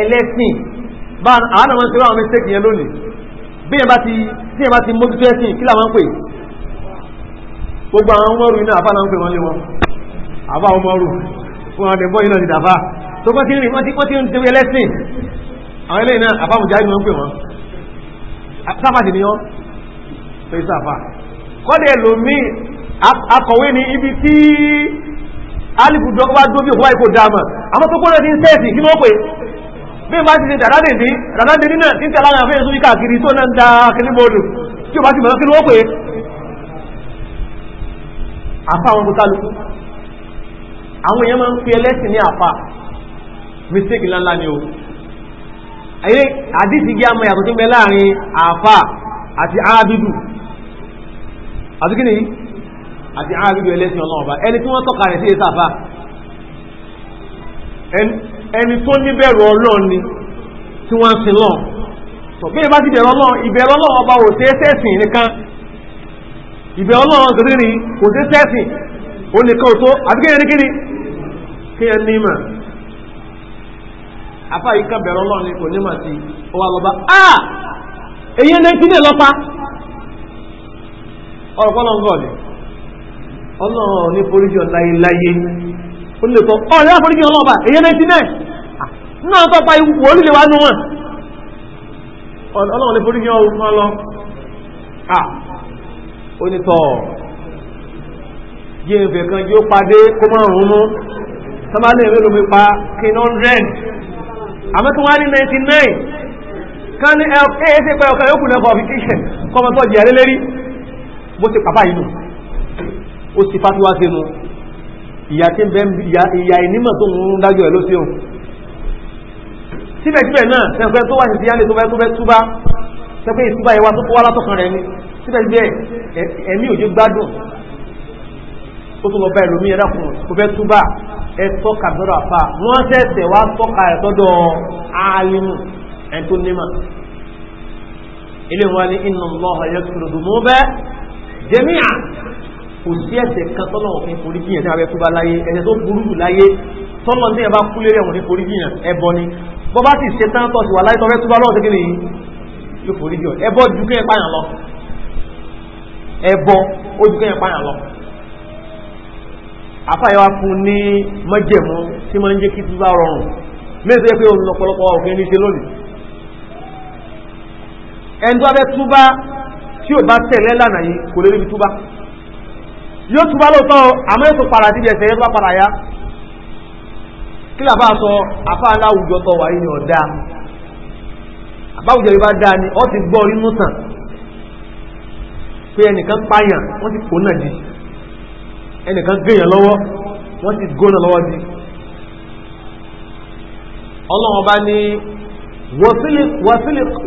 ẹlẹ́sìn bá àwọn àwọn ṣe àwọn mistake yẹn lónìí bí yẹn bá ti tí yẹn bá ti mójútó ẹ̀sìn kí làwọn ń pè gbogbo àwọn ọmọrù iná àbá làwọn ń pè wọn lé wọn àbá ọmọrù fún ọdẹ bọ́ iná ti dàfà tó kọ́ tí ń rìn wọ́n ti ń tẹ́wé ẹlẹ́sìn àwọn ilé náà àbámujá ìmọ̀ ń pè wọ́n sáfà sì ni wọ́n pé sáfà kọ́dẹ̀ lòmí akọ̀wé ni ibi tí alifu dọ́gbà dóbi òkú àìkò dáàmà àmọ́ tó gbọ́dọ̀ ti ń sẹ́ẹ̀sì kí ló pè bí wọ́n ti ṣe dàdádé ní dàdádé nínà tí ń tẹ̀lá àwọn afẹ́yẹsùn ní káàkiri tó náà ń da kiri bọ́ọ̀lù tí ó bá ti mọ̀ kí ló pè àfa àwọn mutaluku àwọn èèyàn máa ń fi ẹlẹ́sìn ní àfà mistake ńláńlá ni o ayé àdìsí gí àmọ́ ìyàtọ̀ tí ń bẹ láàrin àfà àti ábídù àti ni àti ábídù ẹlẹ́sìn ọlọ́ọ̀bá ẹni tí wọ́n tọ́ka rẹ̀ sí ìsàfà ẹni tó níbẹ̀rù ọlọ́ọ̀ ni tí wọ́n ń sin lọ́ọ̀ sọ bí ìbá ti bẹ̀rù ọlọ́ọ̀ ìbẹ̀rù ọlọ́ọ̀ ọba ò ṣe é sẹ́sìn nìkan ìbẹ̀rù ọlọ́ọ̀ kò sí ní kí ẹ nímà àfá yìí kò sí wà a èyí ẹni tí ní lọ́pa ọ̀rọ̀ kọ́ lọ́n gọ̀ọ̀lẹ̀ ọlọ́run ní foríjì ọ̀láyé ó lè kọ́ ọ̀rẹ́ àforíjì ọlọ́ba èyí ẹni tí náà náà tọ́pa ìwò orílẹ̀ wa nù wọn ọlọ́run ní foríjì a kan yóò kó sọmálẹ̀ ìwé lómi pa kí 100 àmọ́ tí wọ́n ní 99 kan ní ẹ̀ẹ́sẹ̀ pẹ́ ọkọ̀ yóò kù lẹ́kọ̀ọ́ ọ̀fíkíṣẹ̀ kọmọ tó jẹ́ lélérí bó ti pàpá ìlú ó sì fásiwá sí nu ìyà tí ń bẹ ìyà ìnímọ̀ tó ń dájọ́ ẹ̀ ló sí òun síbẹ̀síbẹ̀ náà sẹ́fẹ́ tó wà ní ti yálé tó fẹ́ tó fẹ́ túbá sẹ́fẹ́ ìtúbá ẹwà tó wá látọ̀kan rẹ̀ ni síbẹ̀síbẹ̀ ẹ̀mí òjò gbádùn ó tó lọ bá ẹlòmí ẹ̀dàkùn kò fẹ́ túbá ẹ̀tọ́ kàbẹ́rọ̀ àfà wọ́n tẹ̀sẹ̀ wá tọ́ka ẹ̀tọ́dọ̀ alimu ẹ̀tọ́ nímọ̀ ilé wọn ni inna Allaha yaghfiru dhunuba jami'a kò sí ẹ̀ṣẹ̀ kan tọ́lọ̀ òfin forí jiyàn tí a bẹ tó bá láyé ẹ̀ṣẹ̀ tó burú jù láyé tọ́lọ̀ ní ẹ̀bá kú lérí ẹ̀wọ̀n ní forí jiyàn ẹbọ ni bọ́ bá sì ṣe tán tọ́sí wà láyé tọ́fẹ́ tó bá lọ́wọ́ tẹ́kẹ́ nìyí yóò forí jiyàn ẹbọ ju kẹ́yìn páyàn lọ ẹbọ ó kẹ́yìn páyàn lọ àfáyẹwà fún ní mọ́jẹ̀mú tí máa ń jẹ́ kí tí bá rọrùn mẹ́sẹ̀ pé òun lọ́pọ̀lọpọ̀ òfin ní ṣe lónìí ẹni tó bá fẹ́ túbá tí ò bá tẹ̀lé lánàá yìí kò lè ríbi túbá yóò túbá lóòótọ́ àmọ́ ètò padà sí ẹsẹ̀ yóò bá padà yá kí là sọ àfáà láwùjọ tọ wà yìí ọ̀dá àbáwùjọ yìí bá dáa ni ó ti gbọ́ inú tàn pé ẹnìkan pààyàn wọ́n ti kó náà jì ẹnìkan gbèyàn lọ́wọ́ wọ́n ti gónà lọ́wọ́ di ọlọ́run bá ní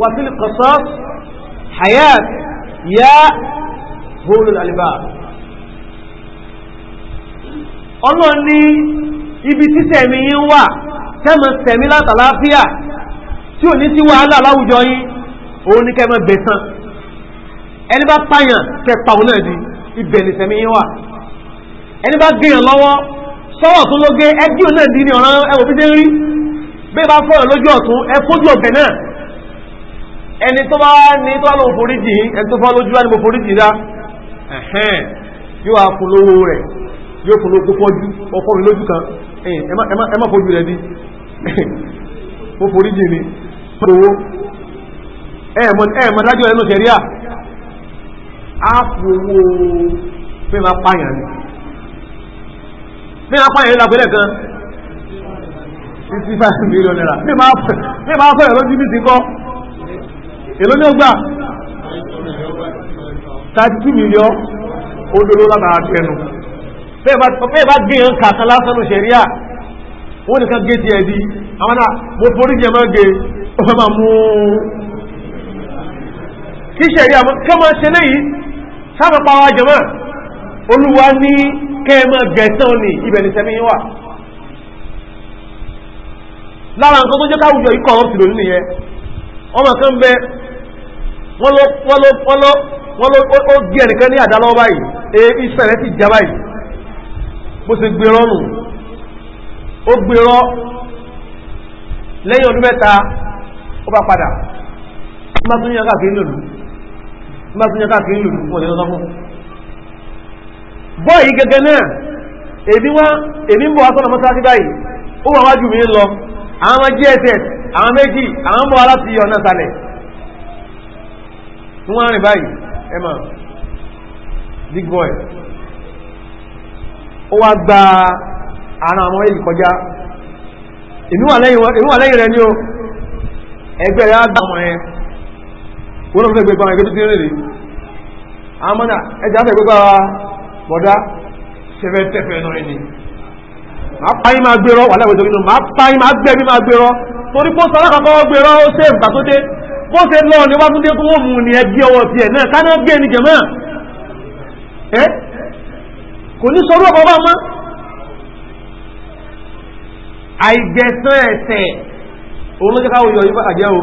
wàsílì kọ̀sọ́ hayat ya bóòlù alìbá ọlọ́run ní ibi tí tẹ̀mí yín wà tẹ́mọ̀ tẹ̀mí látàláfíà tí ò ní sí wàhálà láwùjọ yín òun ní kẹ́mọ̀ bẹ̀sán ẹni bá pààyàn kẹpàá náà di ibẹ̀ nìtẹ̀mí yín wà ẹni bá gẹ̀yàn lọ́wọ́ sọ́wọ́ tó ló gé ẹgbíò náà dí ní ọ̀rán ẹwọ̀ fi dé rí bí bá fọ́yàn lójú ọ̀tún ẹ fojú ọ̀bẹ̀ náà ẹni tó bá ní tó bá lóun forí jì ẹni tó fọ́ lójú láti mo forí jì dá ẹ̀hẹ́n yóò wá fún lówó rẹ̀ yóò fún lówó fọ́jú ọkọ̀ mi lójú kan ẹ má fojú rẹ̀ bí mo forí jì ni lówó ẹ̀ẹ̀mọ̀ dájú ẹ̀ lóṣẹ̀ríà á fún owó fẹ́ máa pààyàn ni ní apá ìrìnlá pẹ̀lẹ̀ kan 65 million naira ní máa fẹ́ ẹ̀rọ jíbìtì kọ́ èló ní ọgbà 32 million odòló lábàá àti ẹnu bẹ́ẹ̀ bá gé yàn kàtà lásán ló ṣẹ̀ríà wọ́n nìkan gé ti ẹ̀dí àwọn náà mo forí jẹ máa gé ó fẹ́ máa mú kí ṣẹ̀ríà kọ́ máa ṣe léyìí sáàmù pa wa jẹ̀mọ́ olúwa ní kẹ́ẹ̀mọ́ gẹ̀ẹ́sán ni ibẹ̀ ní sẹ́mi wà lára nǹkan tó jẹ́ káwùjọ ikọ̀ ọ̀hún tìlò nínú ọmọ kan bẹ wọ́n ló ó gé ẹnìkan ní àdálọ́ báyìí e iṣẹ́ rẹ̀ ti já báyìí bó ṣe gbé rọ́nù ó gbé lẹ́yìn ọdún mẹ́ta ó bá padà ó bá tún yàn káàkiri lòlù ó bá tún bọ́ọ̀yì gẹ́gẹ́ náà èmi wá èmi ń bọ̀ wá sọ́nà mọ́sáàtì báyìí ó wà wájú mi ń lọ àwọn ọmọ gss àwọn méjì àwọn ń bọ̀ ọ̀nà ìsàlẹ̀ tí wọ́n rìn báyìí emma big boy ó wá gba ara àwọn èyí kọjá èmi lẹ́yìn ní o ẹgbẹ́ rẹ̀ á gbà ọmọ yẹn wọ́n bọ́dá ṣẹfẹ́ tẹ́fẹ́ náà ẹni máa páyín máa gbérọ́ wà láwùjọ nínú máa páyín máa gbẹ́bí máa gbérọ́ torí pọ́ sọ́lá kankan gbérọ́ ó ṣe ìgbà tó dé bó ṣe lọ ní wákún dé tó wọ́n mú ní ẹgbẹ́ ọwọ́ tiẹ̀ náà káná gbé ní jẹ̀mọ́ ẹ́ kò ní sọrú ọkọ̀ bá mọ́ àìgbẹ̀sán ẹ̀sẹ̀ òun ló jẹ́ káwọ́ yọ ibà àjẹ́ o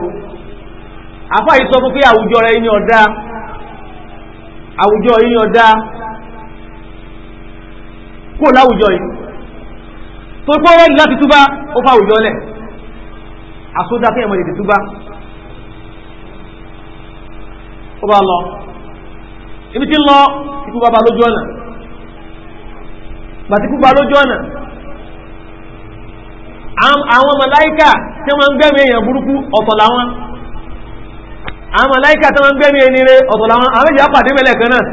àfáà yìí sọ fún pé àwùjọ rẹ̀ yín ọ̀dá àwùjọ yín ọ̀dá kó láwùjọ yìí tó pọ́ rẹ́dì láti túbá ó fa àwùjọ lẹ̀ àsódá kí ẹ̀mọ̀ lè túbá ó bá lọ ibi tí ń lọ ikú bàbá lójú ọ̀nà gbàtíkú bá lójú ọ̀nà àwọn màláíkà tí wọ́n ń gbẹ̀mí èèyàn burúkú ọ̀tọ̀ làwọn àwọn màláíkà tí wọ́n ń gbẹ̀mí ẹni rẹ̀ ọ̀tọ̀ làwọn àwọn méjì pàdé mẹ́lẹ̀ kan náà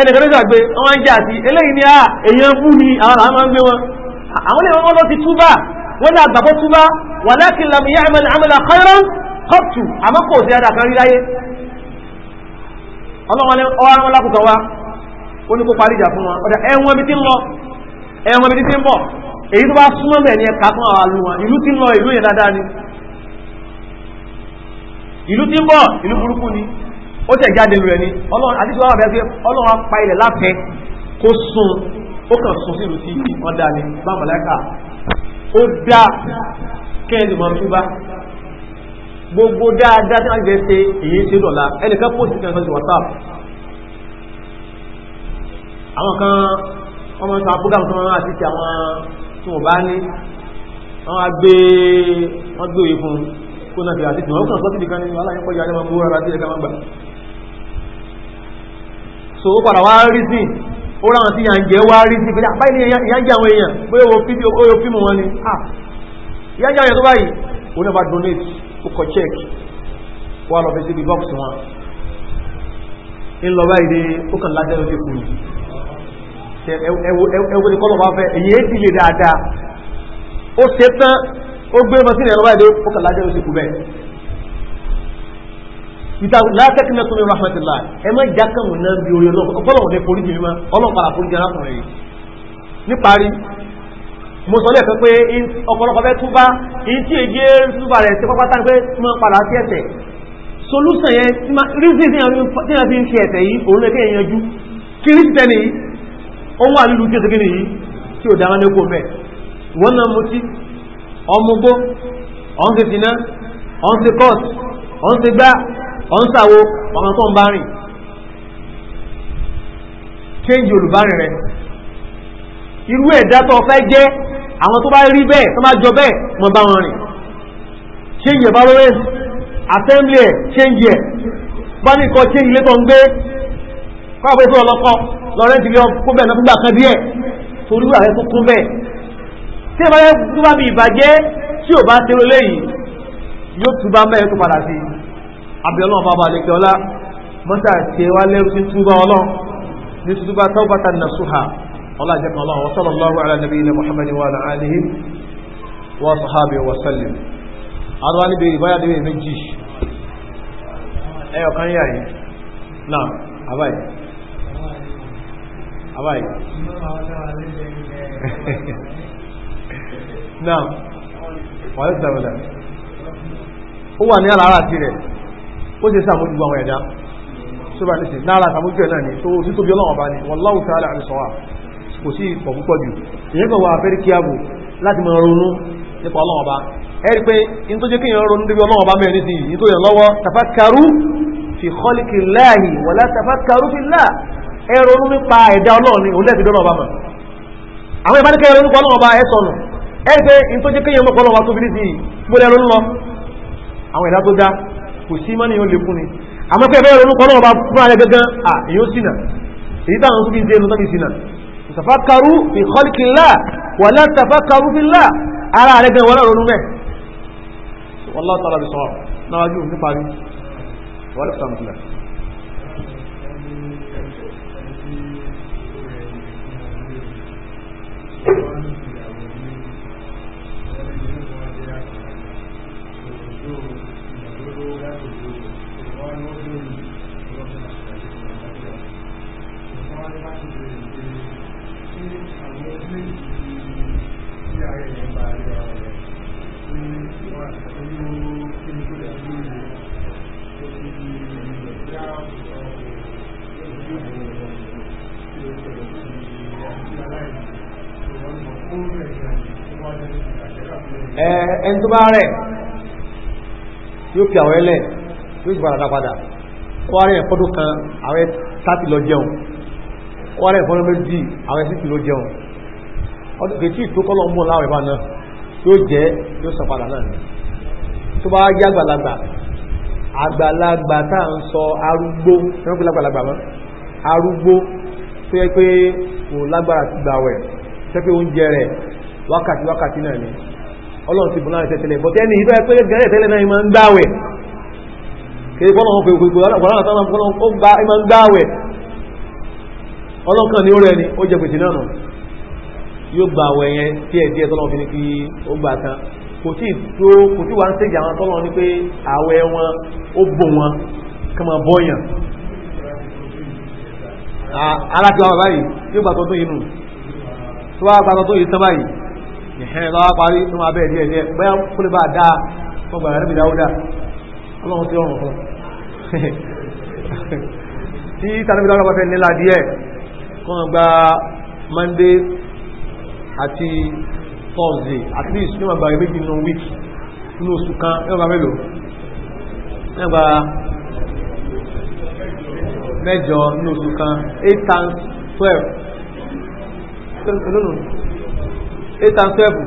ẹnìkan ló sàgbé wọ́n ń jà sí eléyìí ni ah, èèyàn bú ni àwọn àwọn ń gbé wọn àwọn èèyàn wọn lọ ti túbà wọ́n ní àgbàbọ́ túbà walakin lam ya'mal 'amalan khayran kọ́tù àmọ́ kò sí ara kan rí láyé ọlọ́wọ́n ọwọ́ wa ó ní kó parí ìjà fún wọn ọ̀dà ẹ̀wọ̀n ibi ń lọ ẹ̀wọ̀n ibi ń bọ̀ èyí tó bá súnmọ́ mẹ́ ẹ̀ka fún ó tẹ̀ jáde lù rẹ̀ ni ọlọ́run àti ìwà àbẹ́ ọlọ́run apá ilẹ̀ láfẹ́ kó sun ó kàn sun sí ìlú tí wọ́n dá ní bá mọ̀lẹ́kà ó dá kẹ́ẹ̀lì mọ̀ túbá gbogbo dáadáa tí wọ́n jẹ́ ṣe èyí ṣe dọ̀la ẹnìkan pòsì kan sọ́sì whatsapp àwọn kan ọmọ ìta program tó máa ti ti àwọn tí wọ́n bá ní wọ́n á gbé wọ́n gbé òye fún kó náà fi àti tí wọ́n kàn sọ́sì nìkan ní aláyẹ̀pọ̀ yà so ó padà wá rí sí ó ráwọn tí yànjẹ́ wá rí sí pẹ̀lú àbáyé ah, ìyájẹ́ àwọn èèyàn bóyá wo fídíò oyo fíìmù wọn ni ah ìyájẹ́ àwọn èèyàn tó báyìí ó náà bá donate ó kọ check wà lọ fi síbi box wọn ńlọ báyìí dé ó kàn lájẹ́ ló ti kù yìí ẹwọ́ ni kọ́lọ̀ bá fẹ́ èyí é ti lè dáadáa ó ṣe tán ó gbé mọ́ sí ìrẹ̀lọ́wọ́ ìdó ó kàn lájẹ́ ló ti kù bẹ́ẹ̀ ìta látẹ́kínlẹ̀ tó ní rahmatullah ẹ má jákàmù náà bí orí ọlọ́pọ̀lọ́wọ̀ ní forí jìnnà ọlọ́pàá forí jìnnà arákùnrin yìí níparí mo sọ lẹ́ẹ̀kan pé ọ̀pọ̀lọpọ̀ fẹ́ túbá in tí èyí túbá rẹ̀ ti pápátá ní pé mọ́ padà sí ẹ̀ṣẹ̀ solúsàn yẹn rízì tí a fi ń ṣe ẹ̀ṣẹ̀ yìí òun lẹ́kẹ́ ìyanjú kí rízì tẹ́ni ohun àlúlù tí ó ṣegí nìyí tí ò dára lẹ́kọ̀ọ́ bẹ́ẹ̀ wọ́n náà mutí ọmọgbó ọ̀n ṣe sinà ọ̀n ṣe kọ́ọ̀tù ọ̀n ṣe gbá ọ̀n sàwó ọmọ tó ń bá rìn kéńjì olùbárìn rẹ̀ irú ẹ̀dá tó fẹ́ jẹ́ àwọn tó bá rí bẹ́ẹ̀ tó bá jọ bẹ́ẹ̀ mọ bá wọn rìn kéńjì ẹ̀bá assembly ẹ̀ kéńjì ẹ̀ bá ní kọ́ kéńjì létọ̀ ń gbé kọ́ọ̀fẹ́ tó ọlọ́kọ́ lọ́rẹ́ ti lọ kó bẹ́ẹ̀ náà fúgbà kan díẹ̀ torí wà fẹ́ tó kún yóò tún mẹ́rin tó padà sí i abiola bàbá àlejò ọlá mọ́tà ṣe wá lẹ́rú sí túbá ọlọ́run ní túbá tọ́gbàtà nasuha ọlá jẹ́ kan ọlọ́run sallallahu ala nabiyina muhammadin wa ala alihi wa sahbihi wa sallim àdúrà níbi ìbáyà níbi méjì ẹyọ kan yà yìí náà àbáyé àbáyé [laughs] náà wà ó wà ní àlàárà tirẹ̀ ó sì sàmójú àwọn ẹ̀dá ṣúgbà ní sí lára àtàmójú ẹ̀ náà ni tó sí tóbi ọlọ́wọ́ bá ní wallahu ta'ala àrísọ́wà kò sí ìpọ̀ púpọ̀ jù ìyẹn kọ̀ wà fẹ́rí kí ààbò láti máa ronú nípa ọlọ́wọ́ tó jẹ́ kí yẹn ẹ̀rọ nípa lọ àwọn ẹ̀dá tó dá kò sí mọ́ ni yóò lè fún ni àmọ́ pé ẹ̀bẹ̀rẹ̀ olúkọ náà bá fún ààrẹ gẹ́gẹ́ à yóò sínà èyí táwọn fún bí dé lọ́tọ́ bí sínà ìsàfákarú ìkọlìkìlá wà látàfákarú bílá ara rẹ̀ gẹ́gẹ́ wọ́n ronú Thank you. bá rẹ̀ yóò fi àwọn ẹlẹ̀ yóò sì padà padà wárẹ̀ ẹ̀fọ́dún kan àwẹ̀ tàti lọ jẹun wárẹ̀ ẹ̀fọ́dún méjì àwẹ̀ sí ti lọ jẹun ọdún kejì ìtókọ́lọ́ mú láwẹ̀ bá náà yóò jẹ́ yóò sọ padà náà tó bá jẹ́ àgbàlagbà àgbàlagbà tá à ń sọ arúgbó ẹ̀rọ pé lágbàlagbà mọ́ arúgbó tó yẹ pé kò lágbára ti gbà wẹ̀ tẹ́ pé oúnjẹ rẹ̀ wákàtí wákàtí náà ni ọlọ́run ti bùnà àṣẹ tẹ́lẹ̀ bọ́tẹ́ ní ìdọ́ ẹgbẹ́ gẹ̀rẹ́ tẹ́lẹ̀ náà ìmọ̀ ń gbáwẹ̀ kìí fọ́nà ọkọ̀ ìgbò ìmọ̀ ń gbáwẹ̀ ọlọ́kan ni ó rẹ̀ ni ó jẹ gbèsè náà yóò gba àwẹ̀ yẹn díẹ̀ díẹ̀ tọ́lọ́ fi ní kí ó gbà tán kò tí tó kò tí wà ń tẹ́jà àwọn tọ́lọ́ ní pé àwẹ̀ wọn ó bò wọn kí wọ́n bọ́yàn alákìlá bàbá yìí yóò gbà tọ́tún yìí nù tó bá gbà tọ́tún yìí tán báyìí ẹ̀hẹ́n bá parí ní wọn abẹ́ díẹ̀ díẹ̀ bẹ́ẹ̀ kúlé bá dáa fún gbàrà níbi dáúdà ọlọ́run [laughs] tí ọ̀rùn fún tí tàbí dáúdà bá fẹ́ nílá díẹ̀ kọ́ gba monday àti thursday at least ní wọn gba méjì nínú week nínú oṣù kan ní wọn gba mélòó ní wọn gba mẹ́jọ nínú oṣù kan eight times twelve eight and seven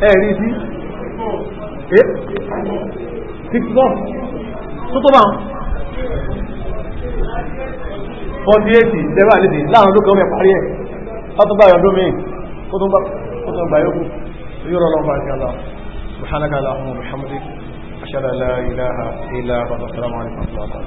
ẹ rí sí six four tó tó bá
wọn forty eighty seven and eight láàrin olókè ọmọ ẹ parí ẹ
látún bá yọdún míì kó tó ń gbà yókù yóò rọ lọ́wọ́ àti àlọ́ subhanaka allahumma wa bihamdik
ashhadu an la ilaha illa anta astaghfiruka wa